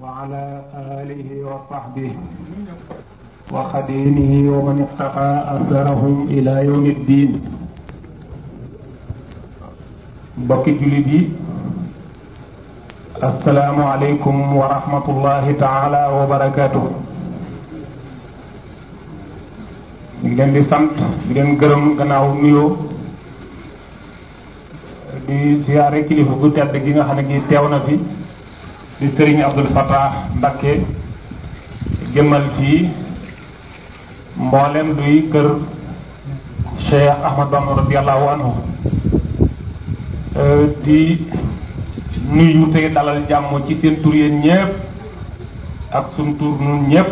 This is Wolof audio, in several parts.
وعلى آله وصحبه وخديمه ومن اقتقى أثرهم إلى يوم الدين mbokki jullit yi asalaamu aleykum wa rahmatullahi taala wa barakaatu ñu ngi di sant di leen gërëm gannaaw nuyoo di siyaare kilifa gu tedd gi nga xam ne gi teew na fi di sëriñ Abdul Fattah Mbakke jëmal ci mboolem duy kër Cheikh Ahmad Bamba radiyallahu anhu euh, di nuyu tey dalal jàmm ci seen tur yéen ñépp ak suñ tur nun ñépp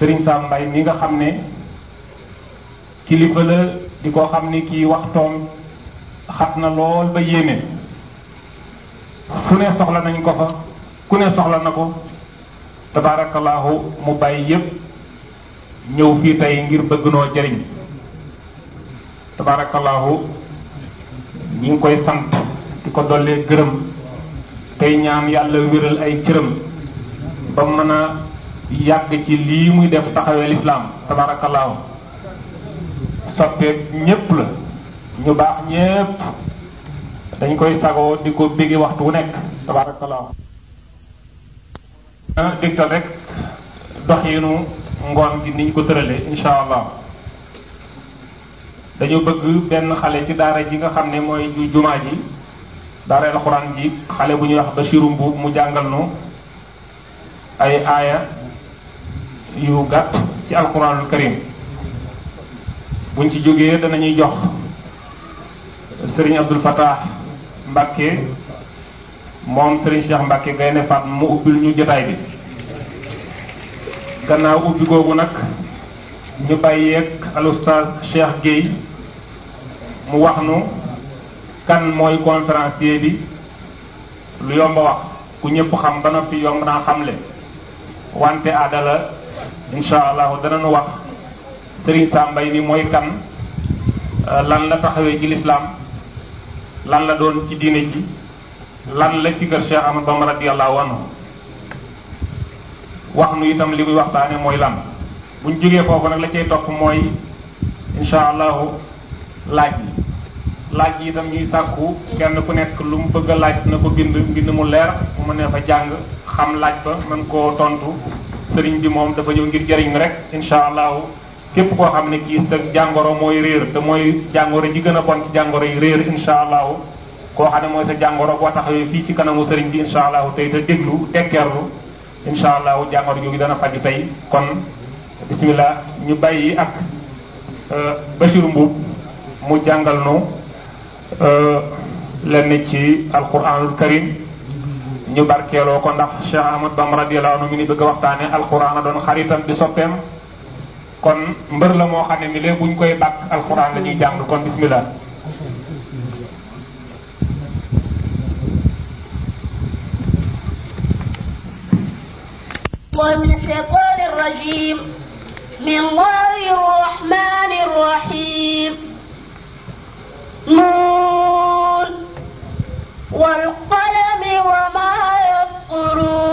sëriñ Sam Mbaye mi nga xam ne kilifa la di ko xam ne kii waxtoom xat na lool ba yéeme fu ne soxla nañ ko fa ku ne soxla na ko tabaarakallaahu mu bàyyi yépp ñëw fii tey ngir bëgg noo jëriñ tabaarakallaahu ñi koy sant di ko dollee gërëm tey ñaan yàlla wéral ay cëram ba mën a yàgg ci lii muy def taxawee lislaam tabaarakallaahu soppeek ñépp la ñu baax ñépp dañ koy sagoo di ko bigi waxtu wu nekk tabarakallah ah, digtal rek doxinu ngoon gi niñ ko tëralee insha allah dañu bëgg benn xale ci daara ji nga xam ne mooy jumaa ji daara alxuraan ji xale bu ñuy wax Basiru Mbuub mu jàngal nu ay aaya yu gàtt ci alxuraanul karim buñ ci jógee danañuy jox sëriñ Abdul Fattah Mbacke moom Serigne Cheikh Mbacke Gaynde Fatma mu ubbil ñu jotaay bi gannaaw ubbi googu nag ñu bàyyeeg al oustaz Cheikh Guèye mu wax nu kan mooy conférencier bi lu yomb a wax ku ñëpp xam ba noppi yomb naa xamle wante aadala incha allahu danañu wax Serigne Sambay bi mooy kan euh, lan la taxawee ci lislaam lan la doon ci diine ji lan la ci kër Cheikh Ahmad Bamba radiyallahu anhu wax nu itam li muy waxtaane mooy lan buñ jógee foofu nag la cay topp mooy insha allahu laaj yi laaj yi itam ñuy sàkku kenn ku nekk lu mu bëgg laaj na ko bind bind mu leer mu mënee fa jàng xam laaj ba mën koo tontu sëriñ bi moom dafa ñëw ngir jëriñ rek insha allahu képp koo xam ne kii sa jàngoro mooy réer te mooy jàngoro ji gën a bon ci jàngoro yi réer insha allahu koo xam ne mooy sa jàngoro boo taxawee fii ci kanamu sëriñ bi insha allahu tey te déglu dekkeerlu insha allahu jàngoro jooju dana faju tey kon bismillah ñu bàyyi ak euh, Bachir Mbuub mu jàngal nu euh, lenn ci alquranul karim ñu barkeeloo ko ndax Cheikh Ahmad Bam radiyallahu anhu mi ni bëgg a waxtaane alquran a doon xaritam di soppeem kon mbër la moo xam ne mi léegi buñ koy bàkk alxuraan la ñuy jàng kon bismillah ومن الشيطان الرجيم من الله الرحمن الرحيم نون والقلم وما يسطرون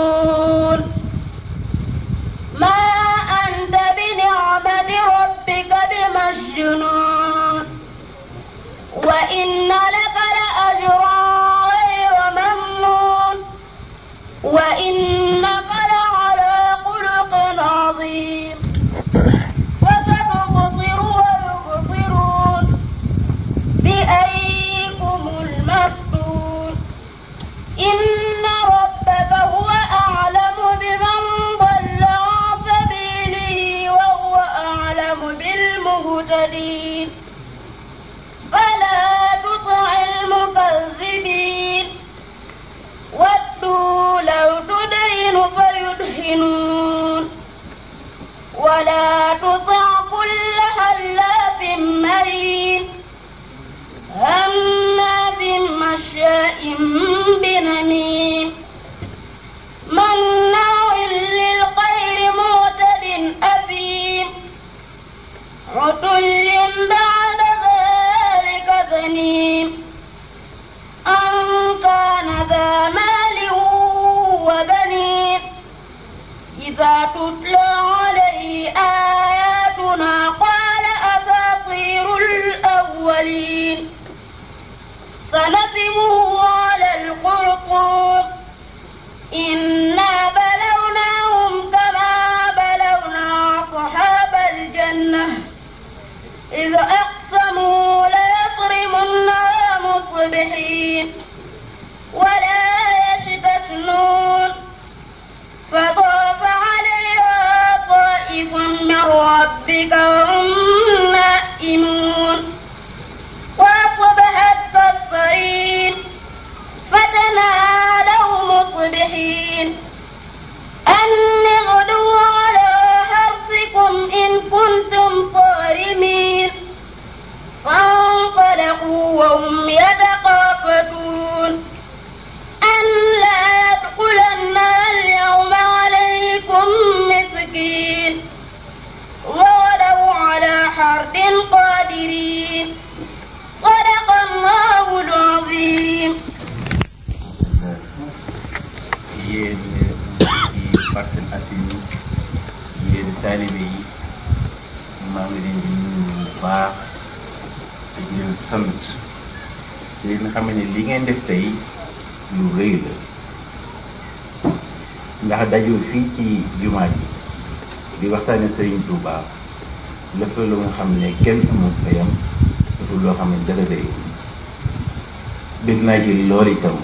nettali loolu itam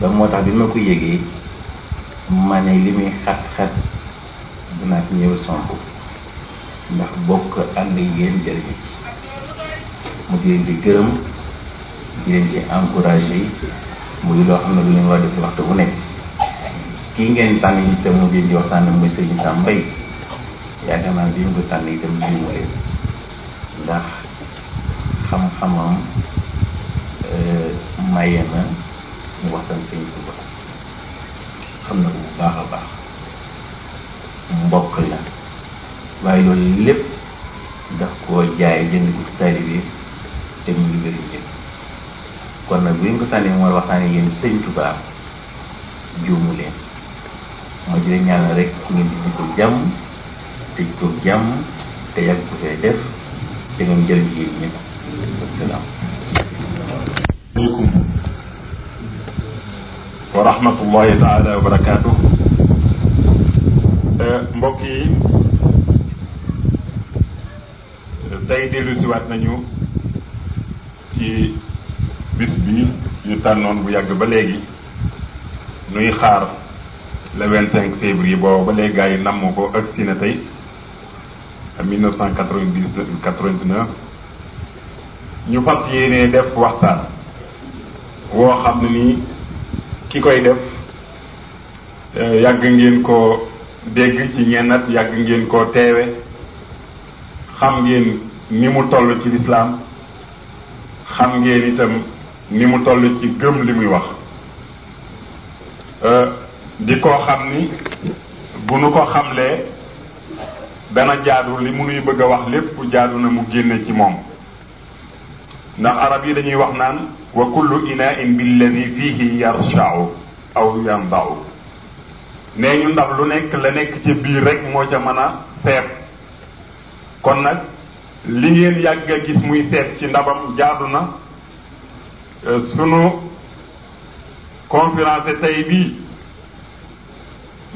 ba moo tax bi ma ko yëgee ma ne li muy xat-xat dinaa fi ñëw samp ndax bokk ànd yéen jëriñu ci mu di di gërëm di leen mu encouragé muy loo xam ne lu ñu war def waxtu bu nekk kii ngeen tànn yi itam mu di leen di waxtaan muy sëriñ Sam Mbaye yaakaar naa bi ñu ko tànn itam li mu ndax xam-xamam maye na ah, mu waxtaan sëñ Tuuba xam na ko bu baax a baax mbokk la waaye loolu lépp daf koo jaay jënd ko ci taalibe te mu ngi bëri jënd kon nag bu ñu ko tànnee mooy waxtaanee yéen sëñ Tuuba juumu leen ma jëlee ñaan rek ngeen di ko jàmm tëj ko jàmm te yàgg ko fee def te ngeen jëriñ yéen ñëpp wasalaam. wa rahmatullahi taala wa barakaatu eh, mbokk yi tey dellu siwaat nañu ci bis bi ñu tànnoon bu yàgg ba léegi nuy xaar le 25 février booba ba léegi gaa yi namm ko agsi na tey 1999 ñu fas yéene def waxtaan woo xam ne nii ki koy def euh, yàgg ngeen koo dégg ci ñennat yàgg ngeen koo teewe xam ngeen ni mu toll ci lislaam xam ngeen itam ni mu toll ci gëm li muy wax euh, di ko xam ni bu nu ko xamlee dana jaadu li mu nuy bëgg a wax lépp jaadu na mu génne ci moom ndax arab yi dañuy wax naan wa kullu inain billadi fihi yarshau aw yandau nee ñu ndab lu nekk la nekk ci biir rek moo ca mën a seet kon nag li ngeen yàgg a gis muy seet ci ndabam jaadu na euh, sunu conférence tey bii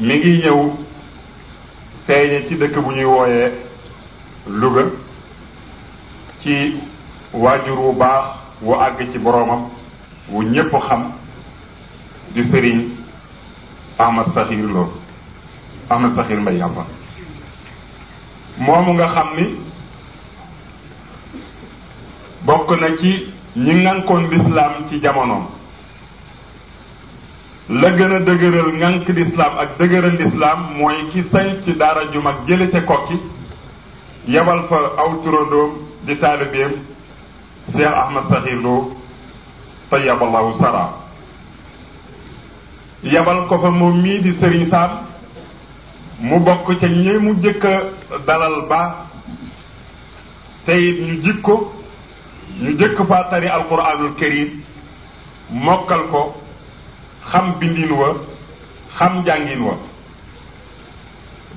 mi ngi ñëw feeñe ci dëkk bu ñuy wooyee Louga ci waajur wu baax wu àgg ci boroomam wu ñépp xam di sëriñ Ahmad Saxiir Lo Ahmad Saxiir Mbay yàlla moomu nga xam ni bokk na ci ñi ngànkoon lislaam ci jamono la gën a dëgëral ngànk lislaam ak dëgëral lislaam mooy ki sañ ci daara ju mag jële ci kokki yabal fa aw turandoom di taalibeem Cheikh Ahmad Saxiir Lo tayyaballahu sara yabal ko fa moom mii di Serigne Sam mu bokk ca ñi mu jëkk a dalal ba tey ñu jik ko ñu jëkk fa tari alquranul karim mokkal ko xam bindin wa xam jàngin wa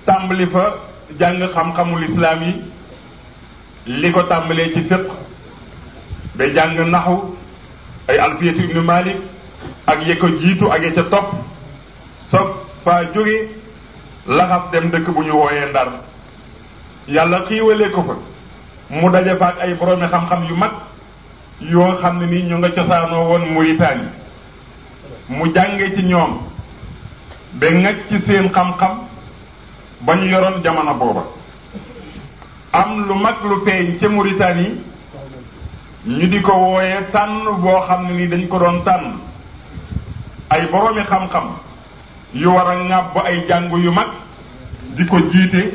tàmbali fa jàng xam-xamul islaam yi li ko tàmbalee ci fiq day jàng naxu ay alfiyatu ibnu malik ak ye jiitu ak ye ca topp soog faa jóge laxas dem dëkk bu ñu wooyee ndar yàlla xiiwalee ko fa mu daje fa ak ay boroomi xam-xam yu mag yoo xam ne ni ñu nga cosaanoo woon Muritaani mu jànge ci ñoom ba ngaj ci seen xam-xam ba ñu yoroon jamono booba am lu mag lu feeñ ca Muritaani ñu di ko wooyee tànn boo xam ne ni dañ ko doon tànn ay boroomi xam-xam yu war a ŋàbb ay jàngu yu mag di ko jiite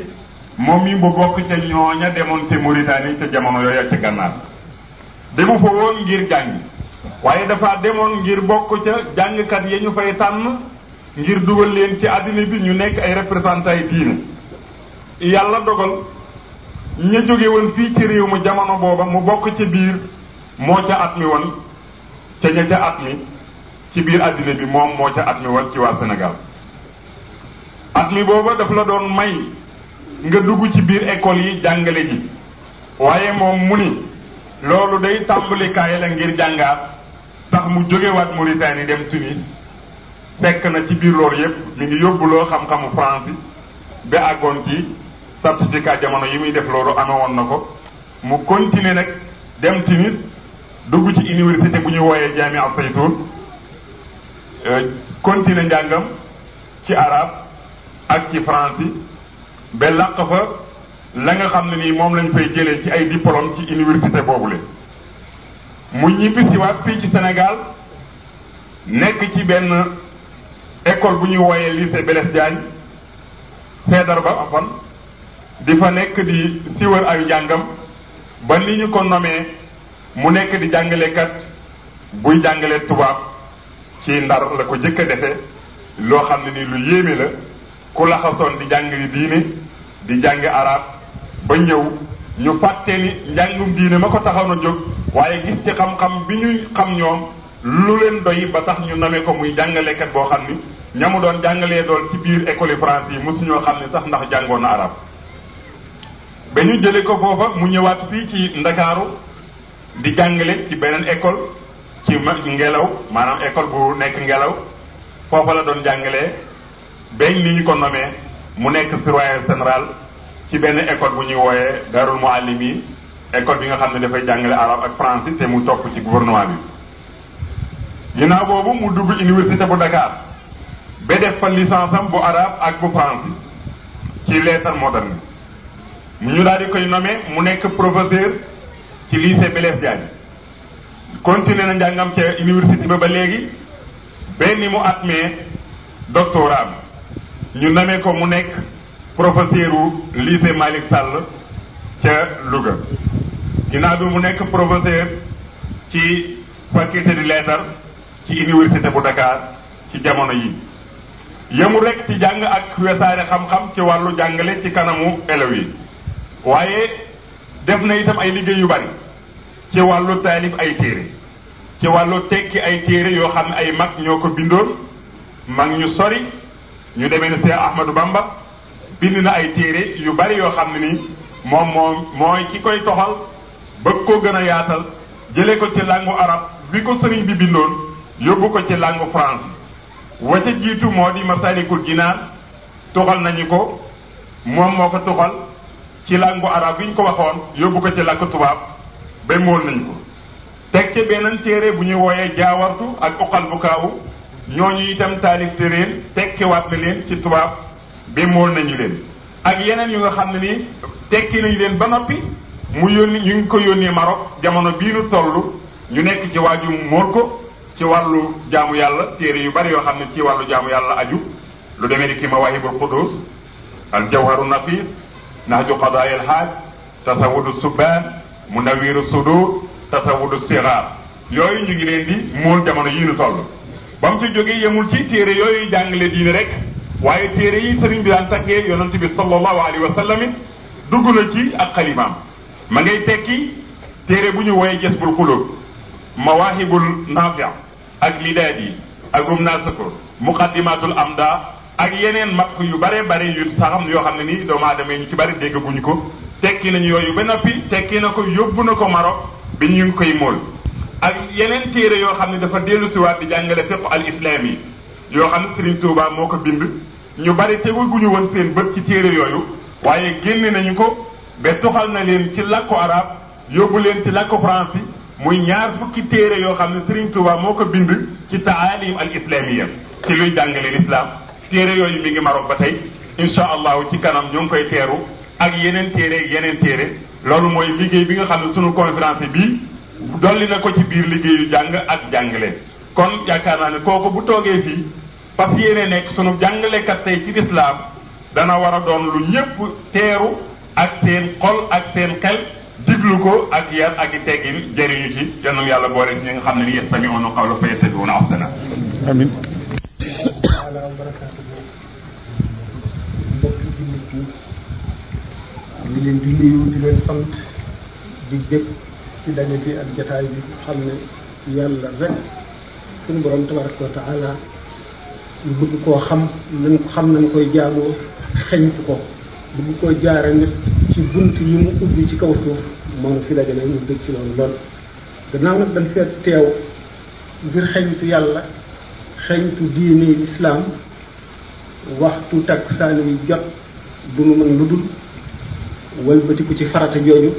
moom yi mu bokk ca ñooña demoon ca Mauritanie ca jamono yooya ca gànnaar demu fa woon ngir jàng waaye dafa demoon ngir bokk ca jàngkat ya ñu fay tànn ngir dugal leen ci àddina bi ñu nekk ay représentants yi diine yàlla dogal ña jóge woon fii ci réew mu jamono booba mu bokk ca biir moo ca at mi woon ca ca at mi ci biir àddina bi moom moo ca at mi woon ci waa Sénégal at mi booba daf la doon may nga dugg ci biir école yi jàngale ji waaye moom mu ni loolu day tàmbalikaay la ngir jàngaat tax mu jógewaat Mauritanie dem Tunis fekk na ci biir loolu yépp mi ngi yóbbu loo xam-xamu France bi àggoon ci certificat jamono yi muy def loolu amewoon na ko mu continuer nag dem Tunis dugg ci université bu ñu wooyee Jaami'a Saytuun euh, continuer njàngam ci araab ak ci français ba làq fa la nga xam ne nii moom lañ fay jëlee ci ay diplôme ci boobu boobule mu ñibbisiwaat fii ci Sénégal nekk ci benn école bu ñu wooyee lycée Blaise Diagne Faidherbe ba afan di fa nekk di siwar ay njàngam ba ni ñu ko nomee mu nekk di jàngalekat buy jàngalee tubaab ci ndar la ko jëkk defe loo xam ne ni lu yéeme la ku laxasoon di jàng diine di jàng arab ba ñëw ñu fàtte ni njàngum diine ma ko taxaw na jóg waaye gis ci xam-xam bi ñuy xam ñoom lu leen doy ba tax ñu name ko muy jàngalekat boo xam ni ñamu doon jàngalee doon ci biir école France yi mosu xam ne sax ndax jàngoon na arab jële ko foofa mu ñëwaat fii ci Ndakaaru di jàngale ci beneen école ci mag ngelaw maanaam école bu nekk ngelaw foofa la doon jàngale benn ni ñu ko nommé mu nekk surveillant général ci benn école bu ñuy wooyee darul muallim yi école bi nga xam ne dafay jàngale arabe ak français te mu topp ci gouvernement bi. ginnaaw boobu mu dugg université bu Dakar ba def fa licence am bu arabe ak bu français ci lettres modernes mu ñu daal di koy nommé mu nekk professeur. ci lycée Blaise Diagne continué na njàngam ca université ba ba léegi benn mu atmee doctorat ñu namee ko mu nekk professeur u malik Malick ca Louga ginnaaw bi mu nekk professeur ci faculté di lettres ci université bu Dakar ci jamono yi yemul rek ci jàng ak wesaare xam-xam ci wàllu jàngale ci kanamu élèves yi waaye def na itam ay liggéey yu bari ci wàllu taalif ay téere ci wàllu tekki ay téere yoo xam ne ay mag ñoo ko bindoon mag ñu sori ñu deme ne Seex Ahmadou Bamba bind na ay téere yu bari yoo xam ne ni moom moom mooy ki koy toxal bëgg ko gën a yaatal jëlee ko ci langu arab bi ko sëriñ bi bindoon yóbbu ko ci langu France waca jiitu moo di Masalikul Jinaan toxal nañu ko moom moo ko toxal ci làngu arab yi ñu ko waxoon yóbbu ko ci làkk tubaab ba mool nañ ko teg ci beneen téere bu ñuy wooyee jaawartu ak uqal bu kaawu ñooñu itam taalif te leen tekkiwaat na leen ci tubaab ba mool nañu leen ak yeneen yu nga xam ne nii tekki nañu leen ba noppi mu yónni ñu ngi ko yónnee Maroc jamono bii nu toll ñu nekk ci waaju móol ko ci wàllu jaamu yàlla téere yu bari yoo xam ne ci wàllu jaamu yàlla aju lu deme ni ki Mawaahibul Quddus al Jawharu Nafis nahju qadaaya alxaaj tasawudu subbaan munawiru sudur tasawudu siraar yooyu ñu ngi leen di muul jamono yii nu toll ba mu ci jógee yemul ci téere yooyu jàngale diine rek waaye téere yi sëriñ bi daan taggee yonent bi sallallahu alayhi wa sallam it na ci ak xalimaam ma ngay tekki téere bu ñu woyee jasbul xulóob mawaahibul naafi ak lidaad yi ak ak yeneen mat yu bare bare yu saxam yoo xam ne nii doomu aadama yi ñu ci bari déggaguñu ko tekki nañu yooyu ba noppi tekki na ko yóbbu na ko Maroc bi ñu koy mool ak yeneen téere yoo xam ne dafa dellu siwaat di jàngale fépp al islam yoo xam ne Serigne Touba moo ko bind ñu bari teguguñu woon seen bët ci téere yooyu waaye génne nañu ko ba toxal na leen ci làkku arab yóbbu leen ci làkku français muy ñaar fukki téere yoo xam ne Serigne Touba moo ko bind ci taalim al islamiya ci luy jàngale l'islam téere yooyu mi ngi Maroc ba tey incha allahu ci kanam ñu ngi koy teeru ak yeneen téere yeneen téere loolu mooy liggéey bi nga xam ne sunu conférence bi dolli na ko ci biir liggéeyu jàng ak jàngale. kon jaakaar naa ne kooku bu toogee fii parce que yéene nekk sunu jàngalekat tey ci lislaam dana war a doom lu ñépp teeru ak seen xol ak seen xel diglu ko ak yar ak i teggin jëriñu ci jënum yàlla boole ñi nga xam ne ni yestamiuuna qawla fa yattabiuuna ahsana amin yi ñu ngi leen di nuyu di leen sant di bég ci daje bi ak jataay bi xam ne yàlla rek suñu borom tabaraka wa taala ñu bëgg koo xam nañ ko xam nañ koy jaamoo xeñtu ko bëgg koo jaare nit ci bunt yi mu ubbi ci kaw suuf moo fi dajale ñu dëgg ci loolu lool gannaaw nag dañ seet teew ngir xeñtu yàlla xeñtu diine islam waxtu takkusaan yi jot du nu mën lu dul wëlbatiku ci farata jooju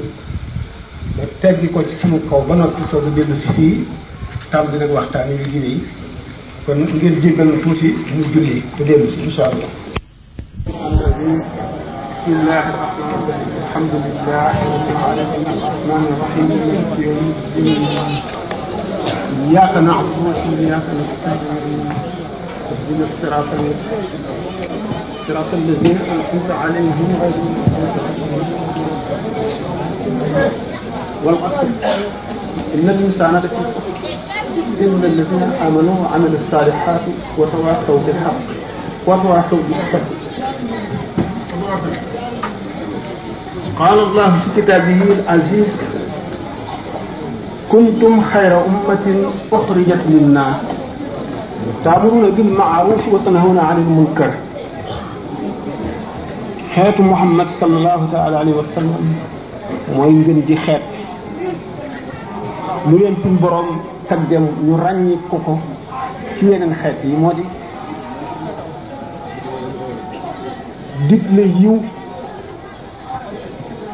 te teggi ko ci sunu kaw ba noppi soo ko dellu si fii tàmbali nag waxtaan yu diine yi kon ngeen jéggal na tuuti mu julli te dellu si insha allah bismillah alhamdulillah rabbil alamin arrahman arrahim maliki yawmi ddin iyyaka na'budu wa iyyaka nasta'in ihdina sirata صراط الذين أنعمت عليهم غير والقصد إن الإنسان إن الذين آمنوا وعملوا الصالحات وتواصوا بالحق وتواصوا بالصبر قال الله في كتابه العزيز كنتم خير أمة أخرجت للناس تأمرون بالمعروف وتنهون عن المنكر xeetu muhammad sallallahu taala alayhi wa sallam mooy ngën ji xeet lu leen suñ boroom taggeem ñu ràññi ko ko ci yeneen xeet yi moo di digle yiw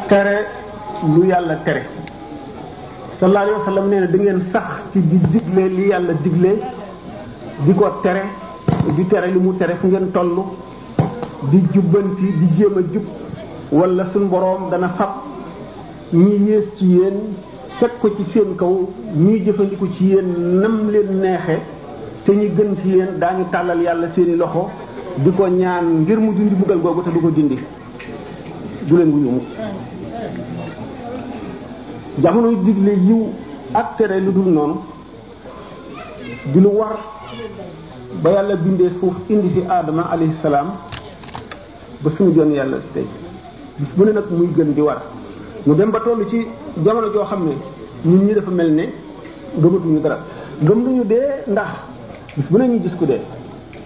tere lu yàlla tere sallallahu alayhi wa sallam nee na ngeen sax ci di digle li yàlla digle di ko tere di tere li mu tere fu ngeen tollu di jubbanti di jéem a jub wala suñ boroom dana fab ñi yées ci yéen teg ko ci seen kaw ñuy jëfandiku ci yéen nam leen neexe te ñi gën ci yéen daañu tàllal yàlla seeni loxo di ko ñaan ngir mu dindi buggal googu te du ko dindi du leen gu ñumu jamonoy digle yiw ak tere lu dul noonu di lu war ba yàlla bindee suuf indi ci aadama alayhi ba suñu jon yàlla tey bis bu ne nag muy gën di war mu dem ba toll ci jamono joo xam ne ñun ñuy dafa mel ne gëmatuñu dara gëm duñu dee ndax bis bu ne ñu gis ku dee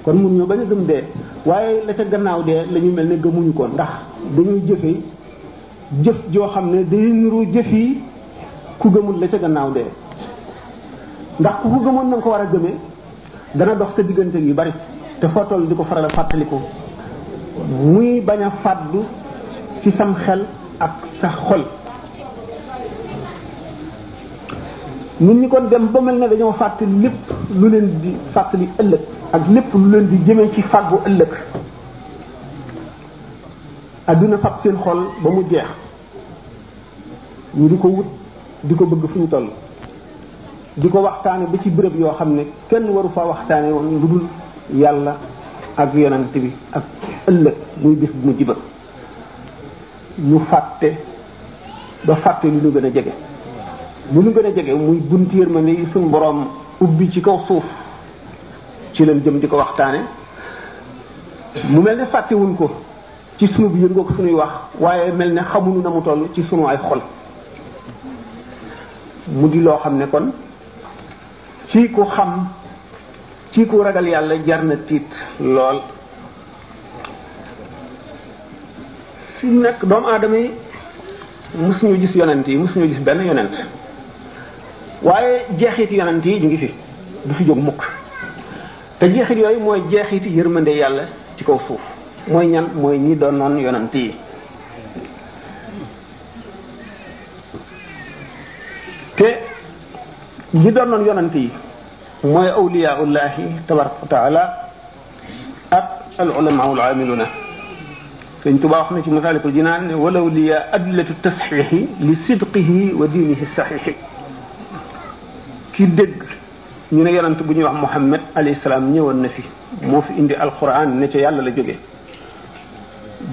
kon mun ñoo bañ a gëm dee waaye la ca gannaaw dee la mel ne gëmuñu ko ndax dañuy jëfe jëf joo xam ne day niru jëf yi ku gëmul la ca gannaaw dee ndax ku ko gëmoon na ko war a gëmee dana dox sa diggante gi bari te foo toll di ko faral a fàttaliku muy bañ a fàddu ci sam xel ak sa xol ñun ñi kon dem ba mel ne dañoo fàttali lépp lu leen di fàttali ëllëg ak lépp lu leen di jëmee ci fàggu ëllëg adduna fab seen xol ba mu jeex ñu di ko wut di ko bëgg fu ñu toll di ko waxtaane ba ci bërëb yoo xam ne kenn waru fa waxtaane woon lu dul yàlla ak yonent bi ak ëllëg muy bis bu mujj ba ñu fàtte ba fàtte li ñu gën a jege li ñu gën a jege muy buntu ma ni suñu boroom ubbi ci kaw suuf ci leen jëm di ko waxtaane mu mel ne fàttewuñ ko ci sunu bi ko sunuy wax waaye mel ne xamuñu na mu toll ci sunu ay xol mu di loo xam ne kon ci ku xam ci ku ragal yàlla jar na tiit lool fi nekk doomu aadama yi mus ñu yonant yi mus ñu gis benn yonent waaye jeexiti yonent yi ñu ngi fi du fi jóg mukk te jeexit yooyu mooy jeexiti yërmande yàlla ci kaw suuf mooy ñan mooy ñi doon noon yonent yi te ñi doon noon yonent yi mooy awliyaullahi tabaraka wa taala ak al ulamaul amiluna sëñ Tuba wax na ci Masaalikul Jinaan ne walaw liya adlatu tasxiixi li sidqihi wa diinihi saxiixi ki dégg ñu ne yonent bu ñuy wax Muhammad alayhi salaam ñëwoon na fi moo fi indi alquran ne ca yàlla la jóge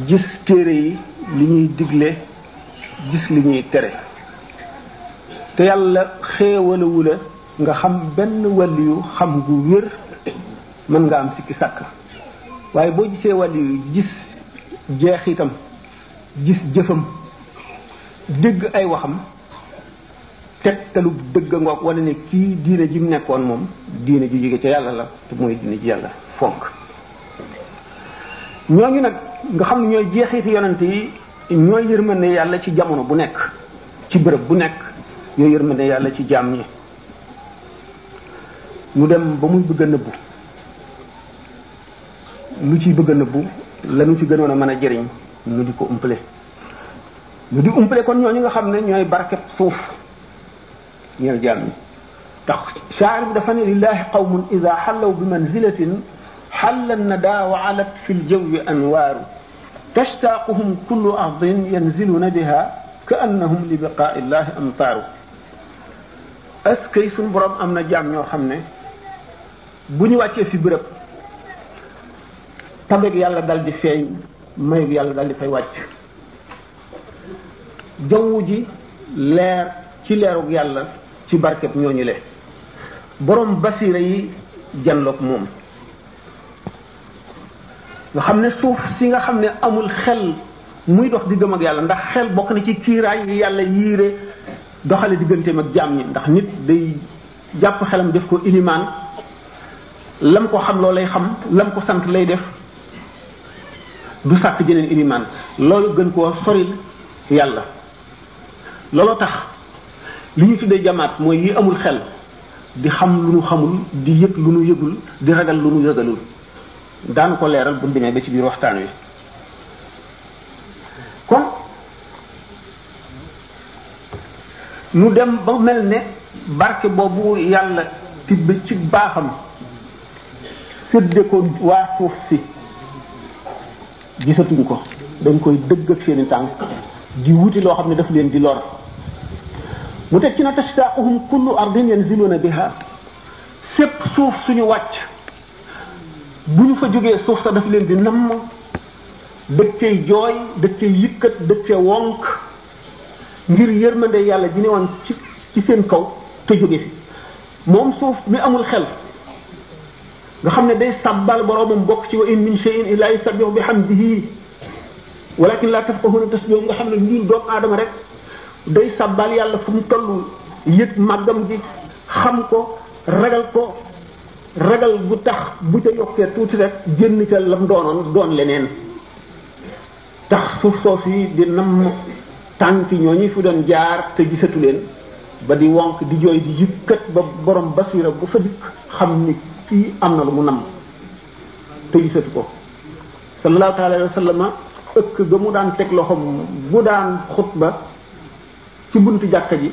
gis téere yi li ñuy digle gis li ñuy tere te yàlla xéewalawu la nga xam benn wàlliyu xam gu wér mën nga am sikki sàkk waaye boo gisee wàlliyu gis jeexitam gis jëfam dëgg ay waxam tegtalu dëgg ngoog wala ne kii diine ji mu nekkoon moom diine ji jóge ca yàlla la te mooy diine ji yàlla fonk ñooñu nag nga xam ne ñooy jeexiti yonent yi ñooy yërmande yàlla ci jamono bu nekk ci bërëb bu nekk ñooy yërmande yàlla ci jaam ñi mu dem ba muy bëgg a nëbbu lu ciy bëgg a nëbbu lanu ci gënoon a mën a jëriñ di ko umpale ñu di umpale kon ñooñu nga xam ne ñooy barkeb suuf ñeel jaam ñi dafa ne lillahi qawmun ida xallaw bi manzilatin xalla nada wa alat fi ljawi anwaaru tastaaquhum kullu ardin yanziluna biha ka annahum li biqaai llahi amtaaru est-ce que suñu borom am na jaam ñoo xam ne bu ñu wàccee fi bërëb tabeeg yàlla dal di feeñ mayeeg yàlla dal di fay wàcc jaww ji leer ci leerug yàlla ci barkeb ñooñu le borom basira yi janloog moom nga xam ne suuf si nga xam ne amul xel muy dox di gëm ak yàlla ndax xel bokk na ci kiiraay yi yàlla yiire doxale digganteem ak jaam ñi ndax nit day jàpp xelam def ko ilimaan lam ko xam loo lay xam lam ko sant lay def du sàkk jeneen ilimaan loolu gën koo soril yàlla looloo tax li ñu tuddee jamaat mooy yi amul xel di xam lu nu xamul di yëg lu ñu yëgul di ragal lu nu ragalul daanu ko leeral bu demee ba ci biir waxtaan wi kon nu dem ba mel ne barke boobu yàlla tibb ci baaxam sédde ko waa suuf si gisatuñ ko dañ koy dëgg ak seeni tànk di wuti loo xam ne daf leen di lor mu teg ci na tastaaquhum kullu ardin yanziluna biha sépp suuf suñu wàcc bu ñu fa jógee suuf sa daf leen di namm dëkkee jooy dëkkee yëkkat dëkkee wonk ngir yërmande yàlla ji ne woon ci ci seen kaw te jóge moom suuf mi amul xel nga xam ne day sabbal boromam bokk ci wa in min shay'in illa yusabbihu bihamdihi walakin la tafqahuna tasbih nga xam ne lii doomu aadama rek day sabbal yàlla fu mu toll yëg màggam gi xam ko ragal ko ragal bu tax bu ca yokkee tuuti rek génn ca lam doonoon doon leneen tax suuf soosu yi di namm tànk ñooñu fu doon jaar te gisatu leen ba di wonk di jooy di yëkkat ba borom basira bu fa dikk xam ni kii am na lu mu namm te ko sallallahu taala alayhi ëkk ga mu daan teg loxoom bu daan ba ci buntu jàkka ji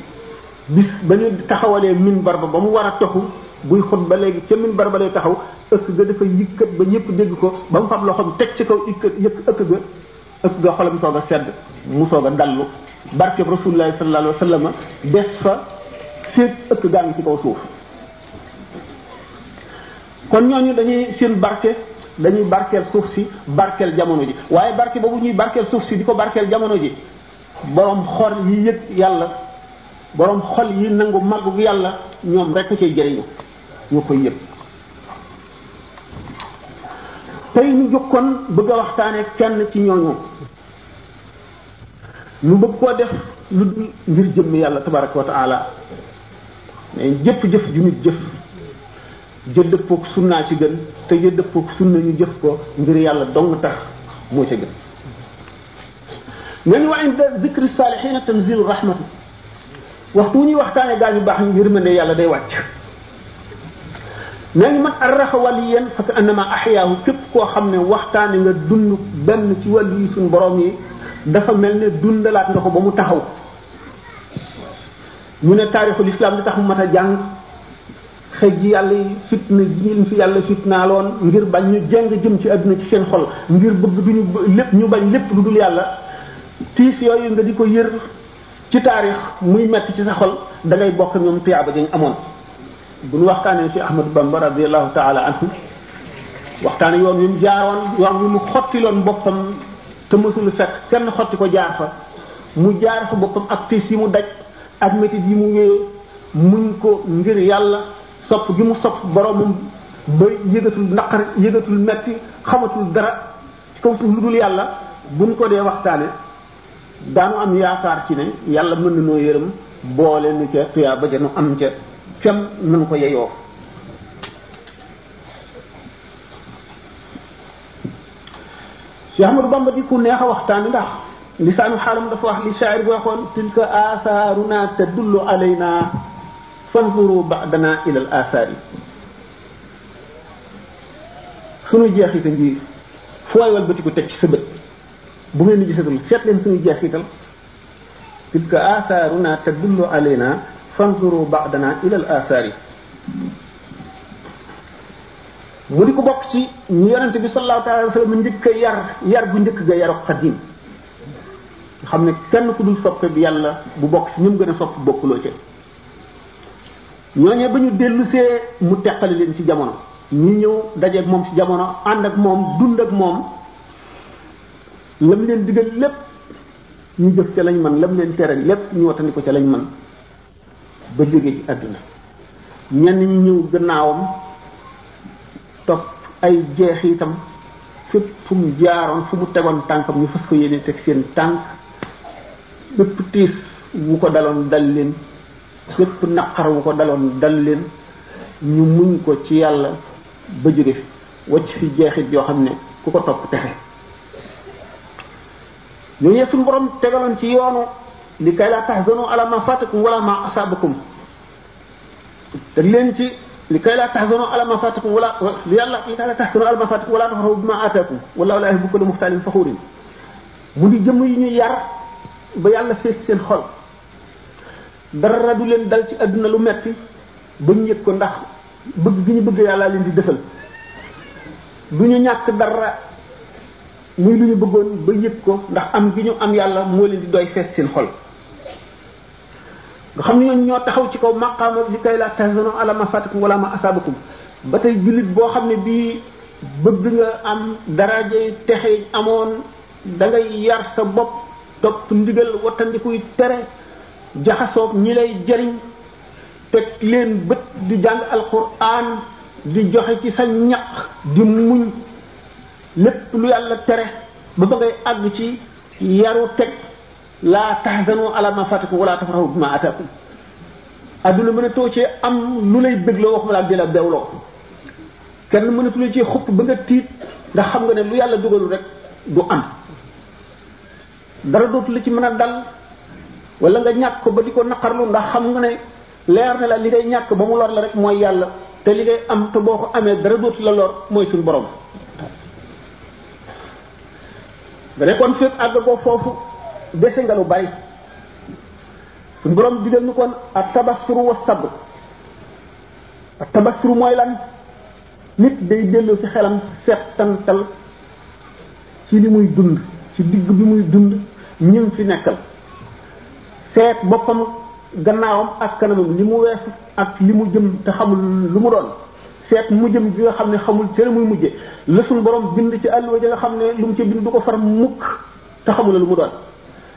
bis ba ñu taxawalee minbar ba ba mu war a toxu buy xutba léegi ca minbar ba taxaw ëkk ga dafa yëkkat ba ñëpp dégg ko ba mu fab loxoom teg ci kaw yëkkat yëkk ëkk ga ëkk ga xolam soog a sedd mu soog a dallu barkeb rasulullahi sallallahu alayhi wa sallama des fa seet ëkk gaa ngi ci kaw suuf kon ñooñu dañuy seen barke dañuy barkeel suuf si barkeel jamono ji waaye barke boobu ñuy barkeel suuf si di ko barkeel jamono ji boroom xol yi yëg yàlla boroom xol yi nangu màggu yàlla ñoom rek cay jëriñu ñoo koy yëg tey ñu kon bëgg a waxtaane kenn ci ñooñu ñu bëgg koo def lu dul ngir jëmm yàlla tabaraka wa taala mais jëpp jëf ju nit jëf jëddëppook sunnaa ci gën te jëddëppook sunna ñu jëf ko ngir yàlla dong tax moo ca gën nga ni wa inda zikri saalihiina tanzilu rahmatu waxtu wu ñuy waxtaane gaa ñu baax ñu yërmande yàlla day wàcc nee ñu man arraxa waliyan fa ka annama axyaahu képp koo xam ne waxtaane nga dund benn ci wàllu yi suñ borom yi dafa mel ne dundalaat nga ko ba mu taxaw mu ne taarixul islam li tax mu mat a jàng xëy ji yàlla yi fitna ji ñu fi yàlla loon ngir bañ ñu jeng jëm ci àdduna ci seen xol ngir bëgg duñu lépp ñu bañ lépp lu dul yàlla tiis yooyu nga di ko yër ci taarix muy metti ci sa xol dangay ngay bokk ñoom tiyaaba dañ amoon bu ñu waxtaanee si Ahmadu Bamba radiallahu taala anhu waxtaane yoon wi mu jaaroon yoon wi mu xottiloon boppam te mësul fekk kenn xotti ko jaar fa mu jaar fa boppam ak tiis yi mu daj ak métit yi mu wéyee muñ ko ngir yàlla sopp gi mu sopp boromam ba yëgatul naqar yëgatul metti xamatul dara ci kaw suuf lu dul yàlla buñ ko dee waxtaane daanu am yaakaar ci ne yàlla mën na noo yërëm boole nu ca tuyaa ja nu am ca fem nanu ko yeyoo Cheikh Ahmadou Bamba ku neex a waxtaani ndax lisaanu xaalam dafa wax li shaa'ir bi waxoon tilka aathaaruna tadullu alaynaa fanzuru ba'dana ila al athari suñu yi fooy wal bëti ko teg ci sa bu ngeen di gisatul seet leen suñu jeexital tilka atharuna tadullu alayna fanzuru ko bokk ci ñu yonente bi njëkk a yar yar bu njëkk ga yaru xadim xam ne kenn ku dul soppe bi yàlla bu bokk ci ñum gën a sopp bokkuloo ca ñooñee ba ñu dellusee mu teqale leen ci jamono ñu ñëw dajeeg moom ci jamono ànd ak moom dund ak moom lam leen digal lépp ñu jëf ca lañ man lam leen tere lépp ñu watandi ko ca lañ man ba jóge ci àdduna ñenn ñu ñëw gannaawam topp ay jeexitam fépp fu mu jaaroon fu mu tegoon tànkam ñu fas ko yéene teg seen tànk bépp tiis wu ko daloon dal leen bépp naqar wu ko daloon dal leen ñu muñ ko ci yàlla ba jóge fi wacc fi jeexit yoo xam ne ku ko topp texe ñooñu suñu borom tegaloon ci yoonu li kay laa tahzanu ala ma fatakum wala ma asabakum teg leen ci li kay laa tahzanu ala ma fatakum wala li yàlla li kay laa tahzanu ala ma fatakum wala tafrahu bima la yuhibbu kulla muxtaalin mu di jëmm yar ba yàlla fees seen xol dara du leen dal ci àdduna lu metti ba ñu ko ndax bëgg gi ñu bëgg yàlla leen di defal du ñu ñàkk dara muy lu ñu bëggoon ba yëg ko ndax am gi ñu am yàlla moo leen di doy fees seen xol nga xam ne ñooñu ñoo taxaw ci kaw maqaama li kay la tahzanu ala ma fatakum wala ma asabakum ba tey jullit boo xam ne bii bëgg nga am darajay texe amoon da ngay yar sa bopp topp ndigal wattandiku tere jaxasoog ñi lay jariñ teg leen bët di jàng alquran di joxe ci sa ñaq di muñ lépp lu yàlla tere ba ba ngay àgg ci yaru teg laa tahzanu ala ma fatakum wala tafrahu bima adduna mën a too cee am lu lay bégloo waxuma laa jëla bewloo kenn mënatu la ci xupp ba nga tiit ndax xam nga ne lu yàlla dugalu rek du am dara dootu ci mën a dal wala nga ñàkk ko ba di ko naqarlu ndax xam nga ne leer na la li ngay ñàkk ba mu lor la rek mooy yàlla te li ngay am te boo ko amee dara dootu la lor mooy suñu borom. nga ne kon fépp àgg ko foofu dese nga lu bari boroom borom digal ñu kon ak tabasturu wa sabb ak tabasturu mooy lan nit day dellu ci xelam seetantal ci li muy dund ci digg bi muy dund ñim fi nekkal. seet boppam gannaawam ak kanamam li mu weesu ak li mu jëm te xamul lu mu doon seet mu jëm bi nga xam ne xamul cëre muy mujje la suñu borom bind ci àlluwa ji nga xam ne lu mu ci bind du ko far mukk te xamula lu mu doon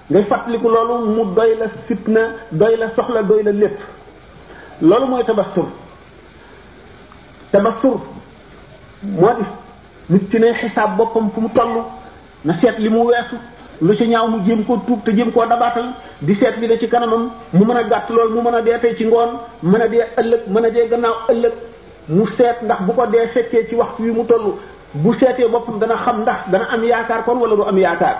ngay fàttaliku loolu mu doy la na doy la soxla doy la lépp loolu mooy tabassur tabassur moo di nit ci ne xisaab boppam fu mu toll na seet li mu weesu lu ci ñaaw mu jéem ko tuub te jéem koo dabaatal di seet bi na ci kanamam mu mën a gàtt lool mu mën a dee tey ci ngoon mën a dee ëllëg mën a dee gannaaw ëllëg mu seet ndax bu ko dee fekkee ci waxtu wi mu toll bu seetee boppam dana xam ndax dana am yaakaar kon wala du am yaakaar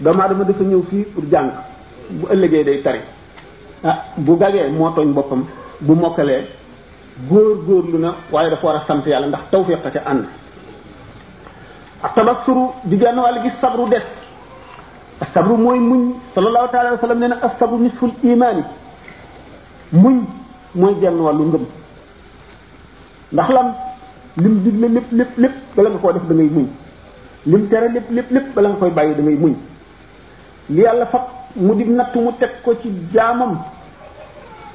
doomu aadama dafa ñëw fii pour jàng bu ëllëgee day tari ah bu gagee moo tooñ boppam bu mokkalee góor góorlu na waaye dafa war a sant yàlla ndax tawfiq ca ànd ak tabassuru di genn wàll gis sabru des asabru mooy muñ sallallahu taala la sallam nee na asabru nisful imaani muñ mooy genn wàllu ngëm ndax lan lim digle lépp lépp lépp bala nga koo def da ngay muñ lim tere lépp lépp lépp bala nga koy bàyyi da ngay muñ li yàlla fab mu di natt mu teg ko ci jaamam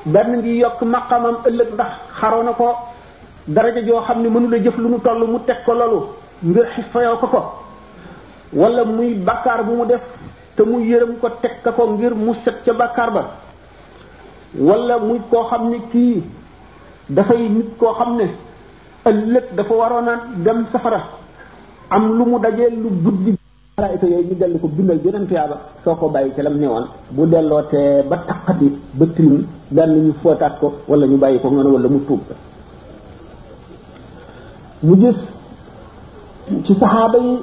benn ngi yokk maqamam ëllëg ndax xaroo na ko daraja joo xam ne mënula jëf lu mu toll mu teg ko loolu ngir xis fayoo ko ko wala muy bakkaar bu mu def te mu yërëm ko teg ka ko ngir mu set ca bàkkaar ba wala muy koo xam ne kii dafay nit koo xam ne ëllëg dafa waroon a dem safara am lu mu dajee lu guddi malaayika yooyu ñu dellu ko bindal beneen tuyaaba soo ko bàyyi ca lam newoon bu dellootee ba taqati ba trim daan nañu footaat ko wala ñu bàyyi ko noonu wala mu tuub mu gis ci saxaaba yi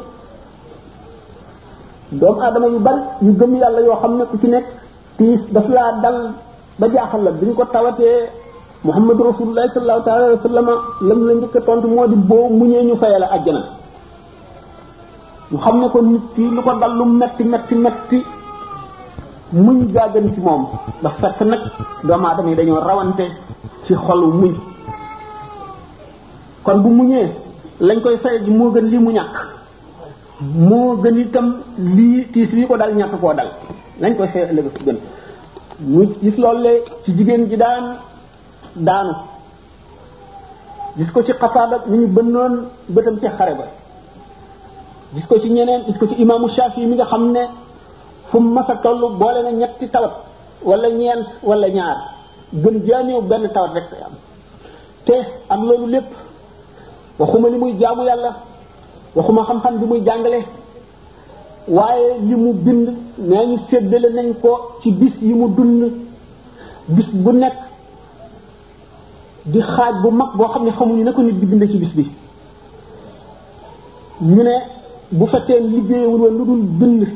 doomu adama yu bari yu gëm yàlla yoo xam ne ku ci nekk tiis daf laa dal ba jaaxal la bi ñu ko tawatee muhammadu rasulullahi sallallahu taala alayhi wa sallam lam la njëkk a tontu moo di boo muñee ñu fayala ñu xam ne ko nit ki lu ko dal lu metti metti muñ gaa gën ci moom daf fekk nag doomu aadama yi dañoo rawante ci xolu muñ kon bu muñee lañ koy fay ji moo gën li mu ñàkk moo gën itam lii tiis lii ko dal ñàkk koo dal nañ koy xeex ëllëg gën ñu gis loole ci jigéen ji daan daanu gis ko ci xasaada ñu ñu bënnoon bëtam ci xare ba gis ko ci ñeneen gis ko ci imaamu Shafi mi nga xam ne fu mu masa tollu boole na ñetti tawat walla ñeent walla ñaar gën jaaneew benn tawat rek am te am loolu lépp waxuma li muy jaamu yàlla waxuma xam-xam bi muy jàngale waaye li mu bind nee ñu séddale nañ ko ci bis yi mu dund bis bu nekk di xaaj bu mag boo xam ne xamuñu ne ko nit di bind ci bis bi ñu ne bu fekkee liggéeyewul woon lu dul bind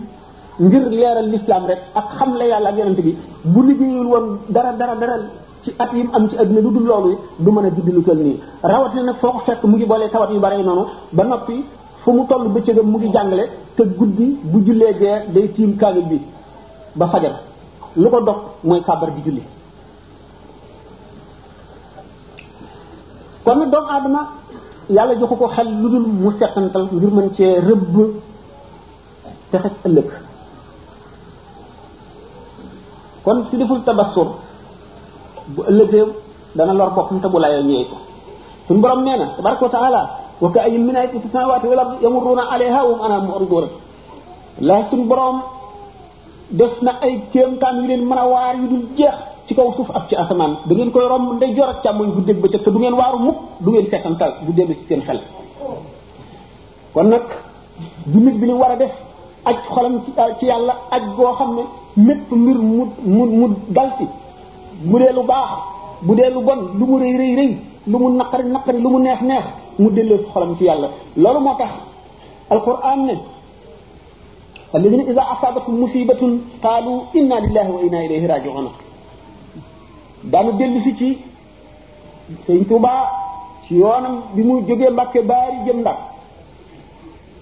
ngir leeral lislaam rek ak xam la yàlla ak yonente bi bu liggéeyul woon dara dara dara ci at yim am ci àdduna lu dul loolu du mën a bind lu toll nii rawatina nag foo ko fekk mu ngi boolee tawat yu bari noonu ba noppi fu mu toll bëccëgam mu ngi jàngale te guddi bu jullee gee day tiim kaamil bi ba fajar lu ko dog mooy kàbbar di julli kon nag doomu aadama yàlla joxu ko xel lu dul mu settantal ngir mën cee rëbb te xes ëllëg kon su deful tabassur bu ëllëgee dana lor boppam te bu laayoo ñëwee ko suñu borom nee na tabaraka wa taala wa ka ayyin min a fi samawati wal ardi yamurruna alayha wa hum anha la suñu borom def na ay kéemtaan yu leen mën a waar yu dul jeex ci kaw suuf ak ci asamaan da ngeen koy romb nday jor ak càmmoñ bu dégg ba ca te du ngeen waaru mukk du ngeen seetantal bu dellu ci seen xel kon nag jullit bi ni war a def aj xolam ah, xam ne mépp mbir mu mu mu dal dee lu baax bu dee lu bon lu mu rëy rëy rëy lu mu naqari naqari lu mu neex neex mu delloo xolam ci yàlla loolu moo tax alquran ne alladina ida asaabatum musibatun qaalu inna lillahi wa inna ilayhi rajiuna daanu dellu si ci sëñ Tuubaa ci yoonam bi mu jógee Mbàkke baari jëm ndax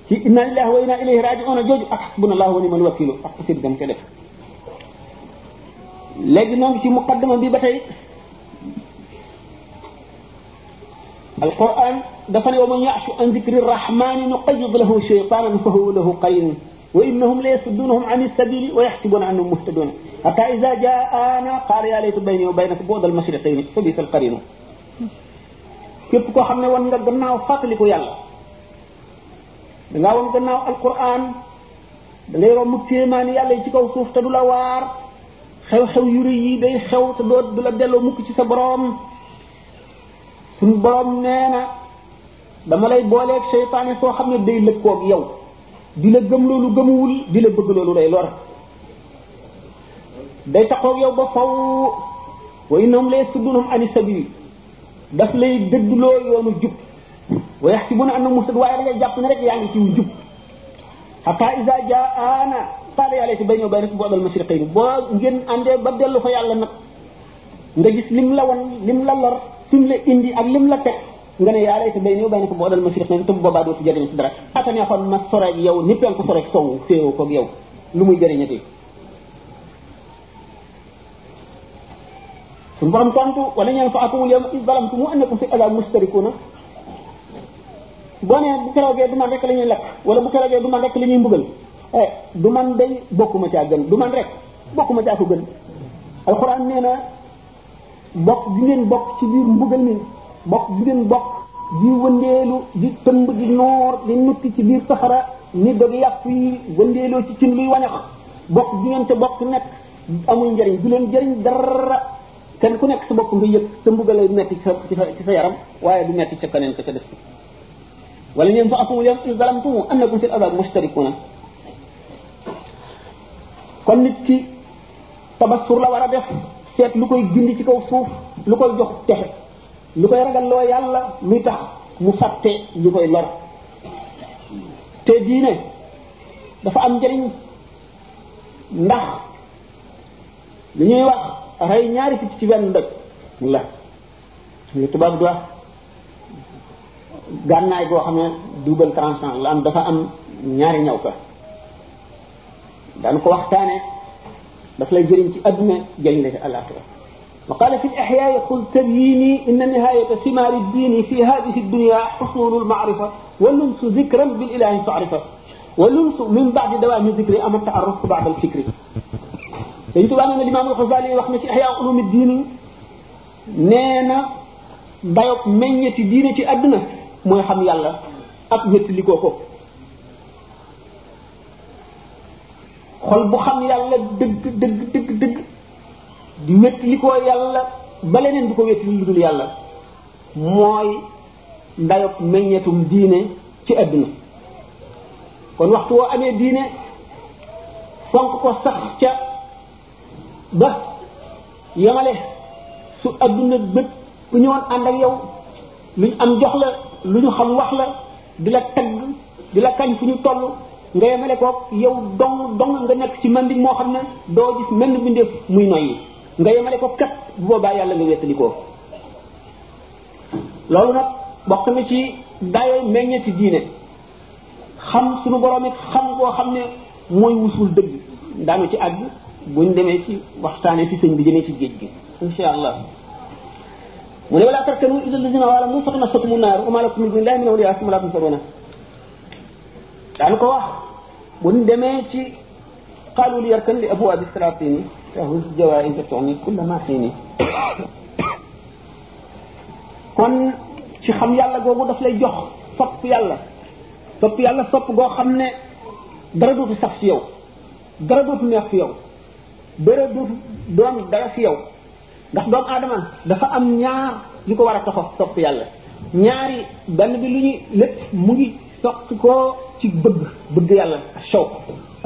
ci inna lillahi wa inna ilayhi rajiuna jooju ak xasbunallahu wa nimal wakilu ak xasid gam ca def léegi noonu ci muqaddama bi ba tey alquran dafa ne wa man ya'shu an dhikri rahmani nuqayyid lahu shaytanan fa huwa lahu qarin wa innahum la yasuddunahum an as-sabili wa yahsabuna annahum muhtadun hatta idha ja'ana qala ya layta bayni wa baynaka bu'da al-mashriqayn fa bi'sa al-qarin képp koo xam ne wan nga gannaaw fàttaliku yàlla dangaa wan gannaaw alquran da ngay romb kéemaani yàlla yi ci kaw suuf te du la waar xew-xew yu rëy yi day xew te doo du la delloo mukk ci sa borom suñu borom nee na dama lay booleeg seytaane soo xam ne day lëkkoog yow di la gëm loolu gëmuwul di la bëgg loolu lay lor day taxoog yow ba faw wa innahum la yasuddunhum ani sabili daf lay dëddloo yoonu jub wa yaxsibuna annahum muhtadun waaye dañuy jàpp ne rek yaa ngi ciw jub hatta iza jaana qaala yaa layti baynii wa baynaka bu'dal mashriqayn boo ngeen àndee ba dellu fa yàlla nag nga gis lim la wan lim la lor fi mu la indi ak lim la teg nga ne yaa lay si bay ñëw bay na ko boodal ma firix ne te bu boobaa doo ci jëriñ si dara aka neexoon ma sore ak yow nippeen ko sore sow féeroo koog lu muy jëriñati suñu borom tontu wala ñeen fa akumul yawma iz zalamtum wa annakum fil azaab mustarikuuna boo nee bu keroogee du man rek wala bu keroogee du man rek la ñuy mbugal eh du man day bokkuma caa gën du man rek bokkuma caa ko gën alxuraan nee bokk bi ngeen bokk ci biir mbugal mi bokk bi ngeen bokk di wëndeelu di tëmb di noor di nukki ci biir saxara ni dog yàpp yi wëndeeloo ci cin luy wañax bokk bi ngeen ca bokk nekk amul njariñ du leen jariñ dara kenn ku nekk si bokk nga yëg sa mbugal lay metti sa ci sa yaram waaye du metti ca keneen ka ca def wala ñeen fa akum yam in zalamtum annakum kon nit ki tabassur la war a def seet lu koy gindi ci kaw suuf lu koy jox texe lu koy ragal loo yàlla luy tax mu fàtte lu koy lor te diine dafa am njëriñ ndax lu ñuy wax rey ñaari picc ci benn ndoj la lu tubaab di wax gànnaay boo xam ne double tranchant la am dafa am ñaari ñaw ka daan ko waxtaane daf lay jëriñ ci adduna jëriñ la ci alaxira wa qala fi al-ihya yaqul tabyini inna nihayata thimari ad-din fi hadhihi ad-dunya husul al-ma'rifa wa lumsu dhikran bil ilahi ta'rifa wa lumsu min ba'di dawami dhikri am at-ta'arruf ba'da al-fikri dañ tubaa nee na limaam al-Ghazali wax na ci ihya ulum ad-din nee na dayob meññeti diine ci adduna mooy xam yàlla ak wétli ko ko xol bu xam yàlla dëgg dëgg dëgg dëgg di wétli ko yàlla ba leneen di ko wétli lu dul yàlla mooy ndayob meññetum diine ci àdduna kon waxtu woo amee diine fonk ko sax ca ba yamale su àdduna bët bu ñëwoon ànd ak lu ñu am jox la lu ñu xam wax la di la tagg di la kañ fu ñu toll nga yemale koog yow dong dong nga nekk ci man mën moo xam ne doo gis mën bindeef muy noyyi nga yemale ko kat bu boobaa yàlla nga wettalikoo loolu nag bokk na ci dayoo ci diine xam sunu borom it xam boo xam ne mooy wusul dëgg daanu ci àgg buñ demee ci waxtaanee ci sëñ bi jëmee ci géej gi insha allah mu ne walaa tarkanu ila lazina wala mun soxna sotumu naaru amalakum min dunillahi min daanu ko wax buñ demee ci xaalul yarkan li abwaab siratin tahuz jawaa'in tatuni kullama hiini kon ci xam yàlla googu daf lay jox sopp yàlla sopp yàlla sopp goo xam ne dara dootu sax ci yow dara dootu neex fi yow dara dootu doon dara fi yow ndax doomu aadama dafa am ñaar yu ko war a taxaw sopp yàlla ñaari benn bi lu ñuy lépp mu ngi sopp ko ci bëgg bëgg yàlla ashawq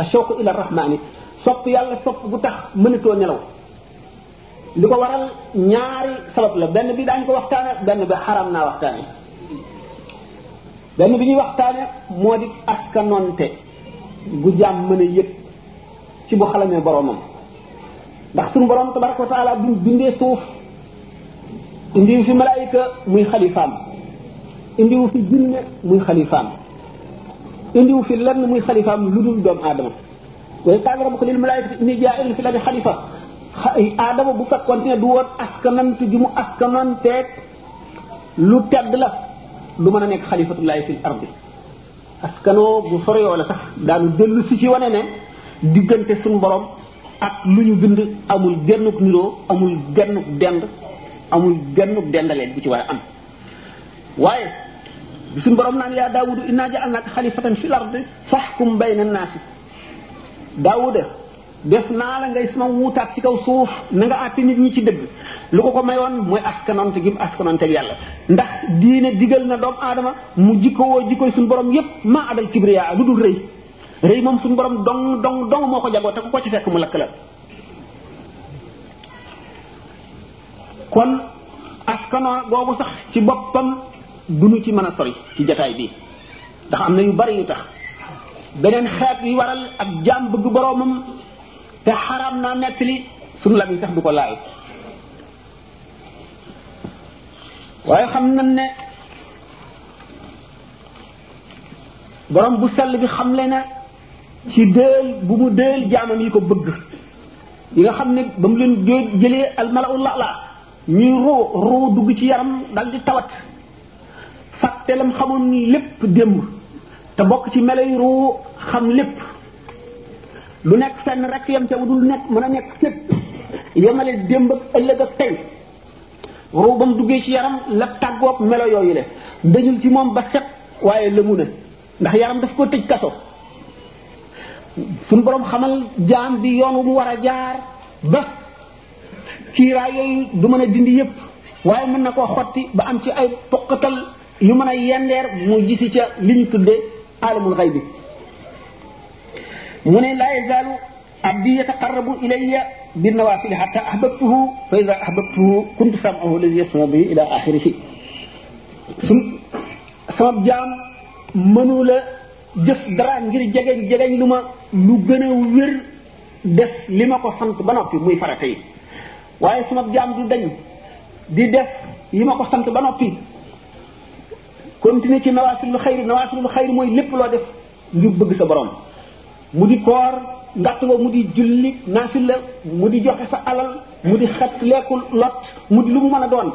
ashawq ila rahmaani sopp yàlla sopp bu tax mënatoo nelaw li ko waral ñaari sabab la benn bi daañu ko waxtaane benn bi xaram naa waxtaane bi ñuy waxtaane moo di askanonte gu jaam mën a yëg ci bu xalamee boromam ndax suñu borom tabaraka wa taala buñ bindee suuf indiwu fi malaayika muy xalifaam indiwu fi jinne muy xalifaam indiwu fi lenn muy xalifaam lu dul doomu aadama wa qaala rabbuka lil malaa'ikati inni jaa'ilun fil ardi xalifa aadama eh, bu fekkoon ne du woon askanant ju mu askananteeg lu tedd la du mën a nekk xalifatullaahi fil ardi askanoo bu soreyoo la sax daanu dellu si ci wane ne diggante suñu borom ak lu ñu gënd amul gennuk niroo amul gennuk dend amul gennuk dendaleen bu ci war a am waaye bi suñu borom naan yaa daawudu innaa ja'alnaaka xalifatan fil ardi fahkum bayna naasi daawuda def naa la ngay sama wuutaat ci kaw suuf na nga àtte nit ñi ci dëgg lu ko ko mayoon mooy askanante gi mu askanante ak yàlla ndax diine digal na doomu aadama mu jikko woo jikkoy suñu borom yépp maa adal kibriya lu dul rëy rëy moom suñu borom dong dong dong moo ko jagoo te ku ko ci fekk mu lakk la kon askanoo googu sax ci boppam duñu ci mën a sori ci jataay bi ndax am na yu bari yu tax beneen xeet yu waral ak jaam bëgg boroomam te xaraam naa nettali sunu lam yi sax du ko laal waaye xam nañ ne borom bu sell bi xamle na ci déel bu mu déel jaamam yi ko bëgg yi nga xam ne ba mu leen jëlee almala u lala ñuy roo roo dugg ci yaram dal di tawat te lam xamoon ni lépp démb te bokk ci melo yi ruu xam lépp lu nekk fenn rek yam ca dul nekk mën a nekk fépp yemale démb ak ëllëg ak tey ruu ba mu duggee ci yaram la tàggoog melo yooyu le ci moom ba waaye lëmu na ndax yaram daf koo tëj kaso suñu boroom xamal jaam bi yoon wu mu war a jaar ba kiiraay yooyu du mën a dindi yépp waaye mën na koo xotti ba am ci ay poqatal yu mën a yendeer mu gisi ca liñ tudde alamul xay bi mu ne laa yazaalu abdi yataqarrabu ilayya bi nawaafili xata ahbabtuhu fa ida ahbabtuhu kuntu samahu alladi yasma bihi ila axirihi sum sama jaam mënula jëf dara ngir jegeñ jegeñ lu ma lu gën a wér def li ma ko sant ba noppi muy farata yi waaye sama jaam du dañ di def yi ma ko sant ba noppi continuer ci lu xayri nawaasilul xayri mooy lépp loo def ngir bëgg sa borom mu di koor ndaxt ba mu di julli naafila mu di joxe sa alal mu di xet lekkul lot mu di lu mu mën a doon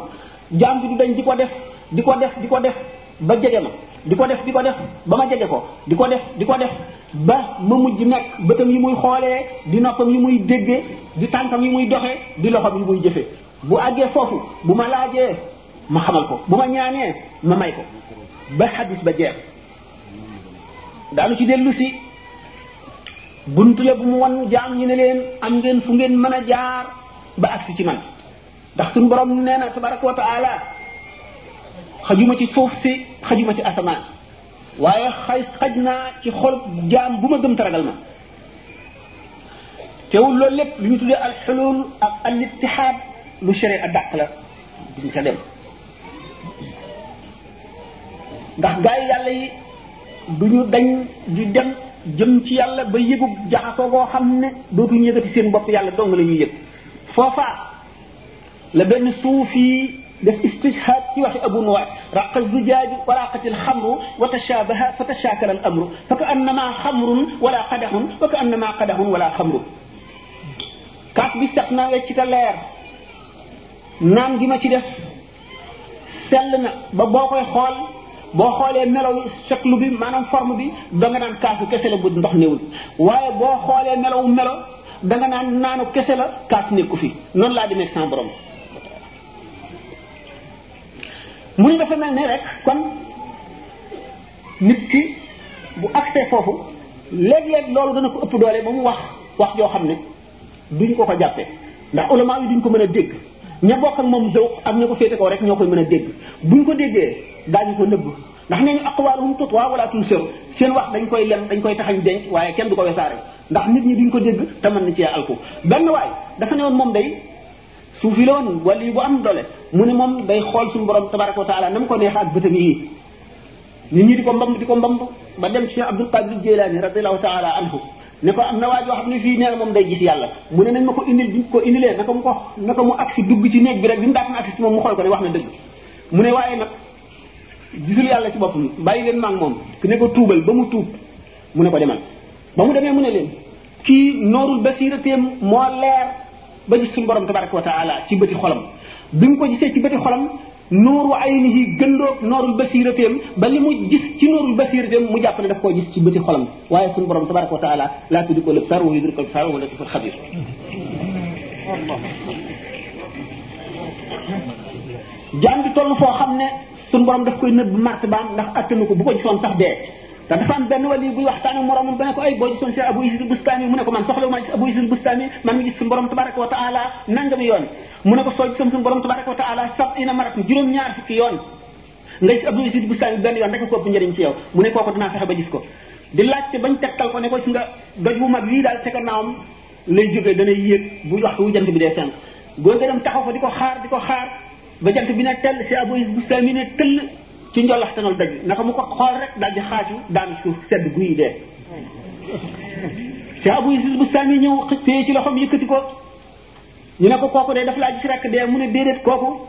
jaam bi du dañ di ko def di ko def di ko def ba jege ma di ko def di ko def ba ma ko di ko def di ko def ba ma mujj nekk bëtam yi muy xoolee di noppam yi muy déggee di tànkam yi muy doxee di loxo yi muy jëfee bu àggee foofu bu ma laajee ma xamal ko bu ma ñaanee ma may ko ba xadis ba jeex daanu ci dellu si buntu la bu mu wan jaam ñu ne am ngeen fu ngeen mën a jaar ba agsi ci man ndax suñu borom nee na tabaraka wa taala xajuma ci suuf si xajuma ci asamaan waaye xay xaj naa ci xol jaam bu ma gëm taragal ma teewul loolu lépp lu ñu tuddee alxulul ak al ittihaad lu sharia dàq la duñ ca dem ndax gaa yi yàlla yi du ñu dañ di dem jëm ci yàlla ba yëgu jaxasoo boo xam ne dootuñu yëgati seen bopp yàlla dong la yëg foofa la benn suufi def istijhaad ci waxi abu nuwaay raqa zujaaju wa raqati alxamru wa tashaabaha fa tashaakala al amru fa ka annamaa xamrun wala qadahun wa ka bi sax na wecc te leer naan gi ma ci def sell na ba boo koy xool boo xoolee melaw seklu bi maanaam forme bi danga naan kaasu kese la bu ndox néewul waaye boo xoolee melaw melo danga naan naanu kese la kaas nekku fi noonu laa di nekk mu ni dafa mel ne rek kon nit ki bu accès foofu léeg-léeg loolu dana ko ëpp doole ba mu wax wax joo xam ne duñ ko ko jàppee ndax ulama yi duñ ko mën a dégg ña bokk ak moom zawq ak ña ko féete ko rek ñoo koy mën a dégg buñ ko déggee daañu ko nëbb ndax nee ñu aqwaaluhum tutwa wala tunsar seen wax dañ koy lem dañ koy taxañ denc waaye kenn du ko wesaare ndax nit ñi duñ ko dégg te mën na cee alku benn waay dafa ne woon moom day suufi la woon wala bu am doole mu ne moom day xool suñu borom tabaraka wa taala na mu ko neex ak bëtam yi nit ñi di ko mbamb di ko mbamb ba dem Cheikh Abdul Qadir Jilani radiallahu taala anhu ne ko am na waaj yoo xam ne fii nee moom day gis yàlla mu ne nañ ma ko indil bi ko indilee naka mu ko naka mu agsi dugg ci néeg bi rek bi mu daat na agsi ci moom mu xool ko ne wax na dëgg mu ne waaye nag gisul yàlla ci boppam bàyyi leen maag moom ku ne ko tuubal ba mu tuub mu ne ko demal ba mu demee mu ne leen kii noorul basirateem moo leer ba gis suñu borom tabaraka wa taala ci bëti xolam bi mu ko gisee ci bëti xolam nuuru aynihi gëndoog noorul basirateem ba li mu gis ci noorul basirateem mu jàpp ne daf koo gis ci bëti xolam waaye suñu borom tabaraka wa taala laa tudrikuhu l-absaar wa huwa yudriku l-absaar wa huwa l-latiiful xabiir jaam bi toll foo xam ne suñu borom daf koy nëbb martabaam ndax attanu ko bu ko gisoon sax dee te dafa am benn wali buy waxtaan ak moromam ba ne ko ay boo gisoon si Abu Isis Bustami mu ne ko man soxla ma gis Abu Isis Bustami man mi gis suñu borom tabaraka yoon mu ne ko soo gisam suñu borom tabaraka wa taala sab'ina maratan juróom-ñaar fukki yoon nga gis Abdul Aziz Bustami benn yoon rek ko ëpp njëriñ ci yow mu ne kooku dinaa fexe ba gis ko di laajte bañ tegtal ko ne ko si nga doj bu mag lii daal sa gannaawam lay jógee danay yéeg bu waxtu wu jant bi dee fenk góor ga taxaw fa di ko xaar di ko xaar ba bi ne tell si Abdul Aziz Bustami ne tëll ci njolaxtanal doj naka mu ko xool rek daal di xaaju daanu suuf sedd guy dee si Abdul Aziz yi ñëw xëccee ci loxoom yëkkati ko ñu ne ko kooku de daf laa gis rek dee mu ne déedéet kooku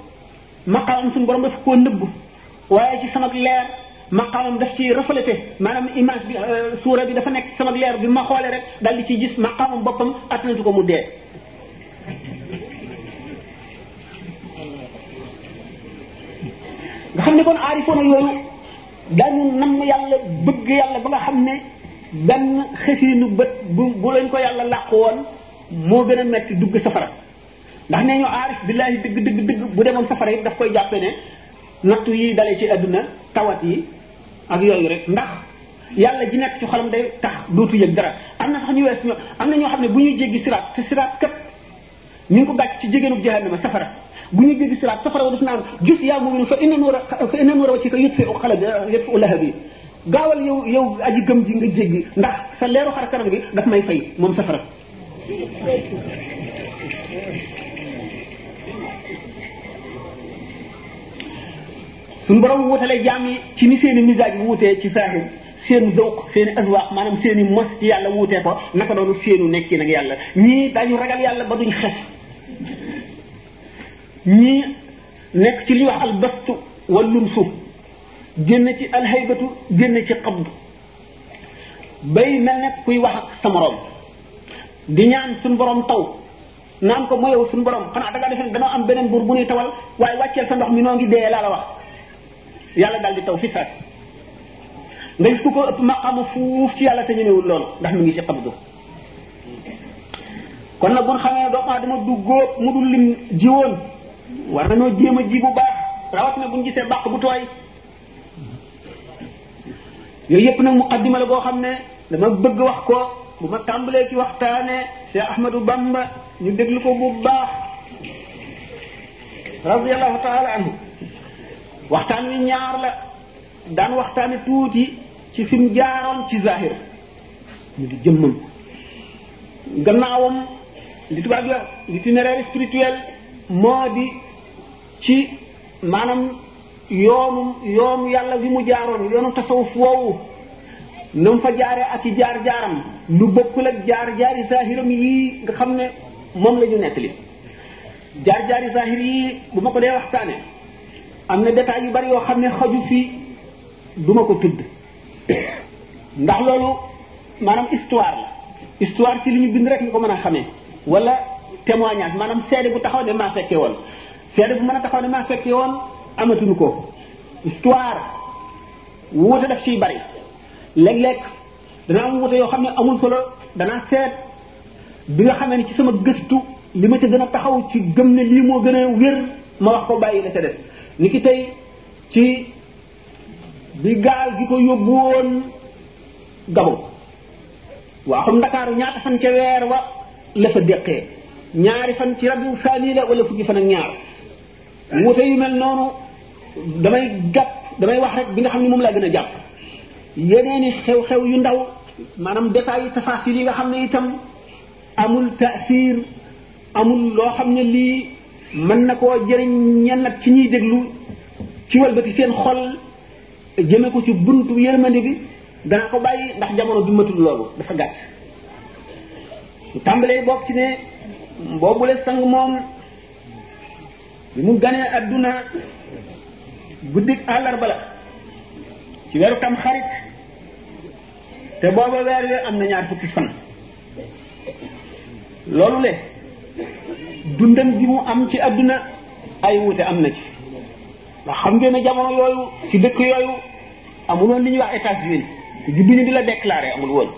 maqaamam suñ borom daf koo nëbb waaye ci sama leer maqaamam def ci reflété maanaam image bi euh, suura bi dafa nekk sama leer bi ma xoolee rek daal di ci gis maqaamam boppam attanatu ko mu dee. nga xam ne kon aarifoona yooyu dañu nam yàlla bëgg yàlla ba nga xam ne benn xëfiinu bët bu bu lañ ko yàlla làq woon moo gën a metti dugg safara ndax nee ñoo aarif billaahi dëgg dëgg dëgg bu demoon safara it daf koy jàppe ne nattu yi dalee ci àdduna tawat yi ak yooyu rek ndax yàlla ji nekk ci xolam de tax dootu yëg dara am na sax ñu ñoo am na ñoo xam ne bu ñuy jéggi siraat te siraat kat ñu ngi ko gàcc ci jégéenub jahannama safara bu ñuy jéggi siraat safara wa daf naan gis yaa mu'min fa inna nuura fa inna nuura wajhika yutfi xalaj yutfi ulahab yi gaawal yow yow aji gëm ji nga jéggi ndax sa leeru xar kanam bi daf may fay moom safara suñu borom wutalee jaam yi ci ni seen i misaaj wutee ci saaxir seen dëwq seen i aswaax maanaam seeni i mos ci yàlla wutee ko naka noonu seenu nekki nag yàlla ñii dañu ragal yàlla ba duñ xef ñii nekk ci li wax albastu wallum suuf génn ci alhaybatu génn ci qabdu bay mel ne kuy wax ak sa morom di ñaan suñu borom taw naan ko moyow suñu borom xanaa da ngaa defe ne danoo am beneen buur bu nuy tawal waaye wàcceel sa ndox mi noo ngi dee laa la wax yàlla daal di taw fi saas nga gis ku ko ëpp maqaama fuuf ci yàlla te ñemewul loolu ndax mu ngi ci xabdu kon nag bu ñu xamee doomu aadama du góob mu dul lim jiwoon war nañoo jéem a ji bu baax rawatina bu ñu gisee bàq bu tooy yooyu yépp nag muqaddima la boo xam ne dama bëgg wax ko bu ma tàmbalee ci waxtaane Cheikh Ahmadou Bamba ñu déglu ko bu baax radiyallahu taala anhu waxtaan wi ñaar la daan waxtaan tuuti ci fi mu jaaroon ci zahir mu di jëmmam gannaawam li tubaab di wax spirituel moo di ci maanaam yoonu yoonu yàlla wi mu jaaroon yoonu tasawuf woowu na fa jaare ak jaar-jaaram lu bokkul jaar-jaari zahiram yii nga xam ne moom la ñu li jaar-jaari zahir yii bu ma ko dee waxtaane am na détails yu bari yoo xam ne xaju fii duma ko tudd ndax loolu maanaam histoire la histoire ci li ñu bind rek ñu ko mën a xamee wala témoignage maanaam seede bu taxaw ne maa fekkee woon seede bu mën a taxaw ne maa fekkee woon amatuñu ko histoire wuute daf ciy bari léeg-léeg dana am wuute yoo xam ne amul solo danaa seet bi nga xamee ne ci sama gëstu li ma ca gën a taxaw ci gëm ne lii moo gën a wér ma wax ko bàyyi la ca def ni ki tey ci bi gaal gi ko yóbbu woon Gabon waa xam Ndakaaru ñaata fan ca weer wa la fa déqee ñaari fan ci rabiu saani la wala fukki fan ak ñaar wute yu mel noonu damay gàpp damay wax rek bi nga xam ne moom laa gën a jàpp yeneeni xew-xew yu ndaw maanaam détails yi tafasil yi nga xam ne itam amul taasir amul loo xam ne lii mën na koo jëriñ ñenn ci ñuy déglu ci walbati seen xol jëme ko ci buntu yërmande bi dana ko bàyyi ndax jamono bi matul loolu dafa gàtt su tàmbalee bokk ci ne boobule sang moom bi mu ganee adduna guddik àllarba la ci weeru tam xarit te booba weer wi am na ñaar fukki fan loolu le dundam ji mu am ci adduna ay wute am na ci ndax xam ngeen jamono yooyu ci dëkk yooyu amul woon li ñuy wax États-Unis juddu ñu di la déclaré amul woon